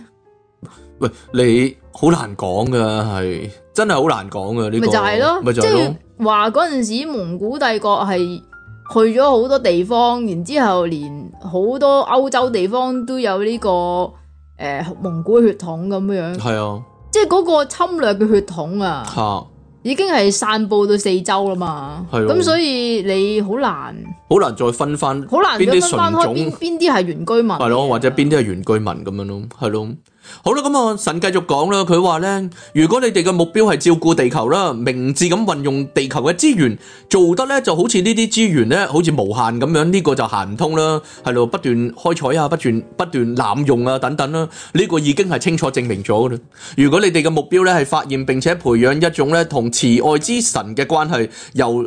喂，你好難講噶係。真係好難講㗎，呢、這個咪就係咯，即係話嗰陣時蒙古帝國係去咗好多地方，然後之後連好多歐洲地方都有呢、這個誒、呃、蒙古血統咁樣樣。係啊，即係嗰個侵略嘅血統啊，已經係散佈到四周啦嘛。係、啊，咁所以你好難，好、啊、難再分翻，好難邊啲分翻開邊邊啲係原居民，係咯、啊，或者邊啲係原居民咁樣咯，係咯、啊。好啦，咁啊神繼續講啦，佢話咧，如果你哋嘅目標係照顧地球啦，明智咁運用地球嘅資源，做得咧就好似呢啲資源咧，好似無限咁樣，呢個就行唔通啦，係咯，不斷開採啊，不斷不斷濫用啊等等啦，呢個已經係清楚證明咗啦。如果你哋嘅目標咧係發現並且培養一種咧同慈愛之神嘅關係，由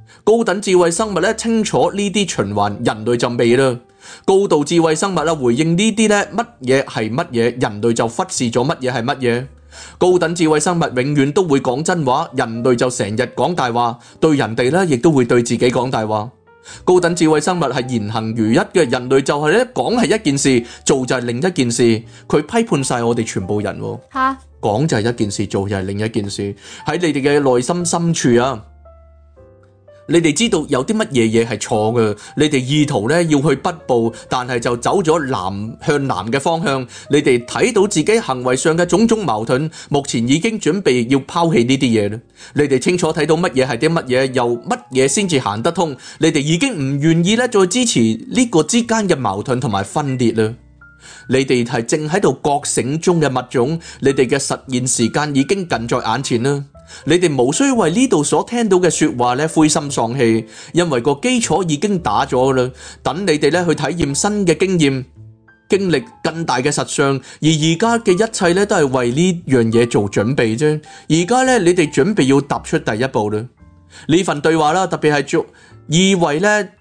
高等智慧生物咧清楚呢啲循環，人類就未啦。高度智慧生物啊回應呢啲咧乜嘢係乜嘢，人類就忽視咗乜嘢係乜嘢。高等智慧生物永遠都會講真話，人類就成日講大話，對人哋咧亦都會對自己講大話。高等智慧生物係言行如一嘅，人類就係咧講係一件事，做就係另一件事。佢批判晒我哋全部人，哈講就係一件事，做就係另一件事。喺你哋嘅內心深處啊。你哋知道有啲乜嘢嘢係錯嘅，你哋意圖咧要去北部，但係就走咗南向南嘅方向。你哋睇到自己行為上嘅種種矛盾，目前已經準備要拋棄呢啲嘢啦。你哋清楚睇到乜嘢係啲乜嘢，又乜嘢先至行得通？你哋已經唔願意咧再支持呢個之間嘅矛盾同埋分裂啦。你哋係正喺度覺醒中嘅物種，你哋嘅實現時間已經近在眼前啦。你哋無需為呢度所聽到嘅說話咧灰心喪氣，因為個基礎已經打咗啦。等你哋咧去體驗新嘅經驗，經歷更大嘅實相。而而家嘅一切咧都係為呢樣嘢做準備啫。而家咧你哋準備要踏出第一步啦。呢份對話啦，特別係做意為咧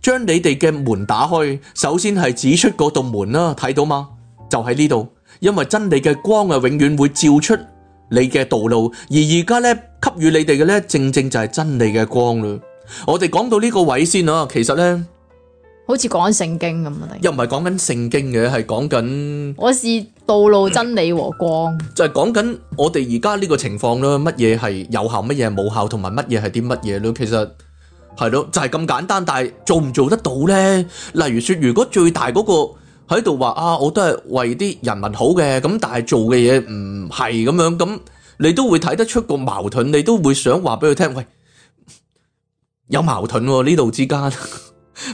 將你哋嘅門打開。首先係指出嗰道門啦，睇到嗎？就喺呢度，因為真理嘅光啊，永遠會照出。你嘅道路，而而家呢給予你哋嘅呢，正正就係真理嘅光啦。我哋講到呢個位先啊，其實呢，好似講聖經咁啊，又唔係講緊聖經嘅，係講緊。我是道路、真理和光。就係講緊我哋而家呢個情況咯，乜嘢係有效，乜嘢係冇效，同埋乜嘢係啲乜嘢咯。其實係咯，就係咁簡單，但係做唔做得到呢？例如說，如果最大嗰個。喺度話啊，我都係為啲人民好嘅，咁但係做嘅嘢唔係咁樣，咁你都會睇得出個矛盾，你都會想話俾佢聽，喂，有矛盾喎，呢度之間，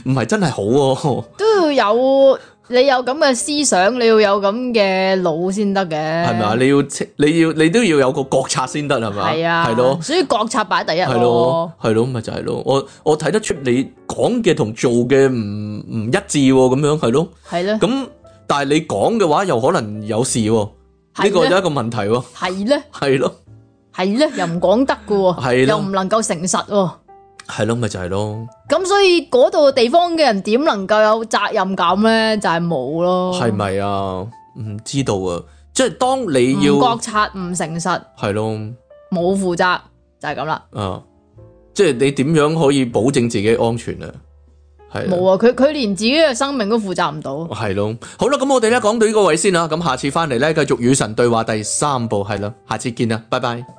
唔係真係好喎，都要有。你有咁嘅思想，你要有咁嘅腦先得嘅，係咪啊？你要清，你要你都要有個覺察先得，係咪啊？係啊，係咯，所以覺察擺第一係咯，係咯，咪就係咯。我我睇得出你講嘅同做嘅唔唔一致喎，咁樣係咯，係咯。咁但係你講嘅話又可能有事喎，呢個都係一個問題喎，係咧，係咯，係咧，又唔講得嘅喎，又唔能夠誠實哦。係咯，咪就係咯。咁所以嗰度地方嘅人點能夠有責任感咧？就係冇咯。係咪啊？唔知道啊。即係當你要唔覺察、唔誠實，係咯，冇負責就係咁啦。啊，即係你點樣可以保證自己安全啊？係冇啊，佢佢連自己嘅生命都負責唔到。係咯，好啦，咁我哋咧講到呢個位先啦。咁下次翻嚟咧，繼續與神對話第三步，係啦，下次見啦，拜拜。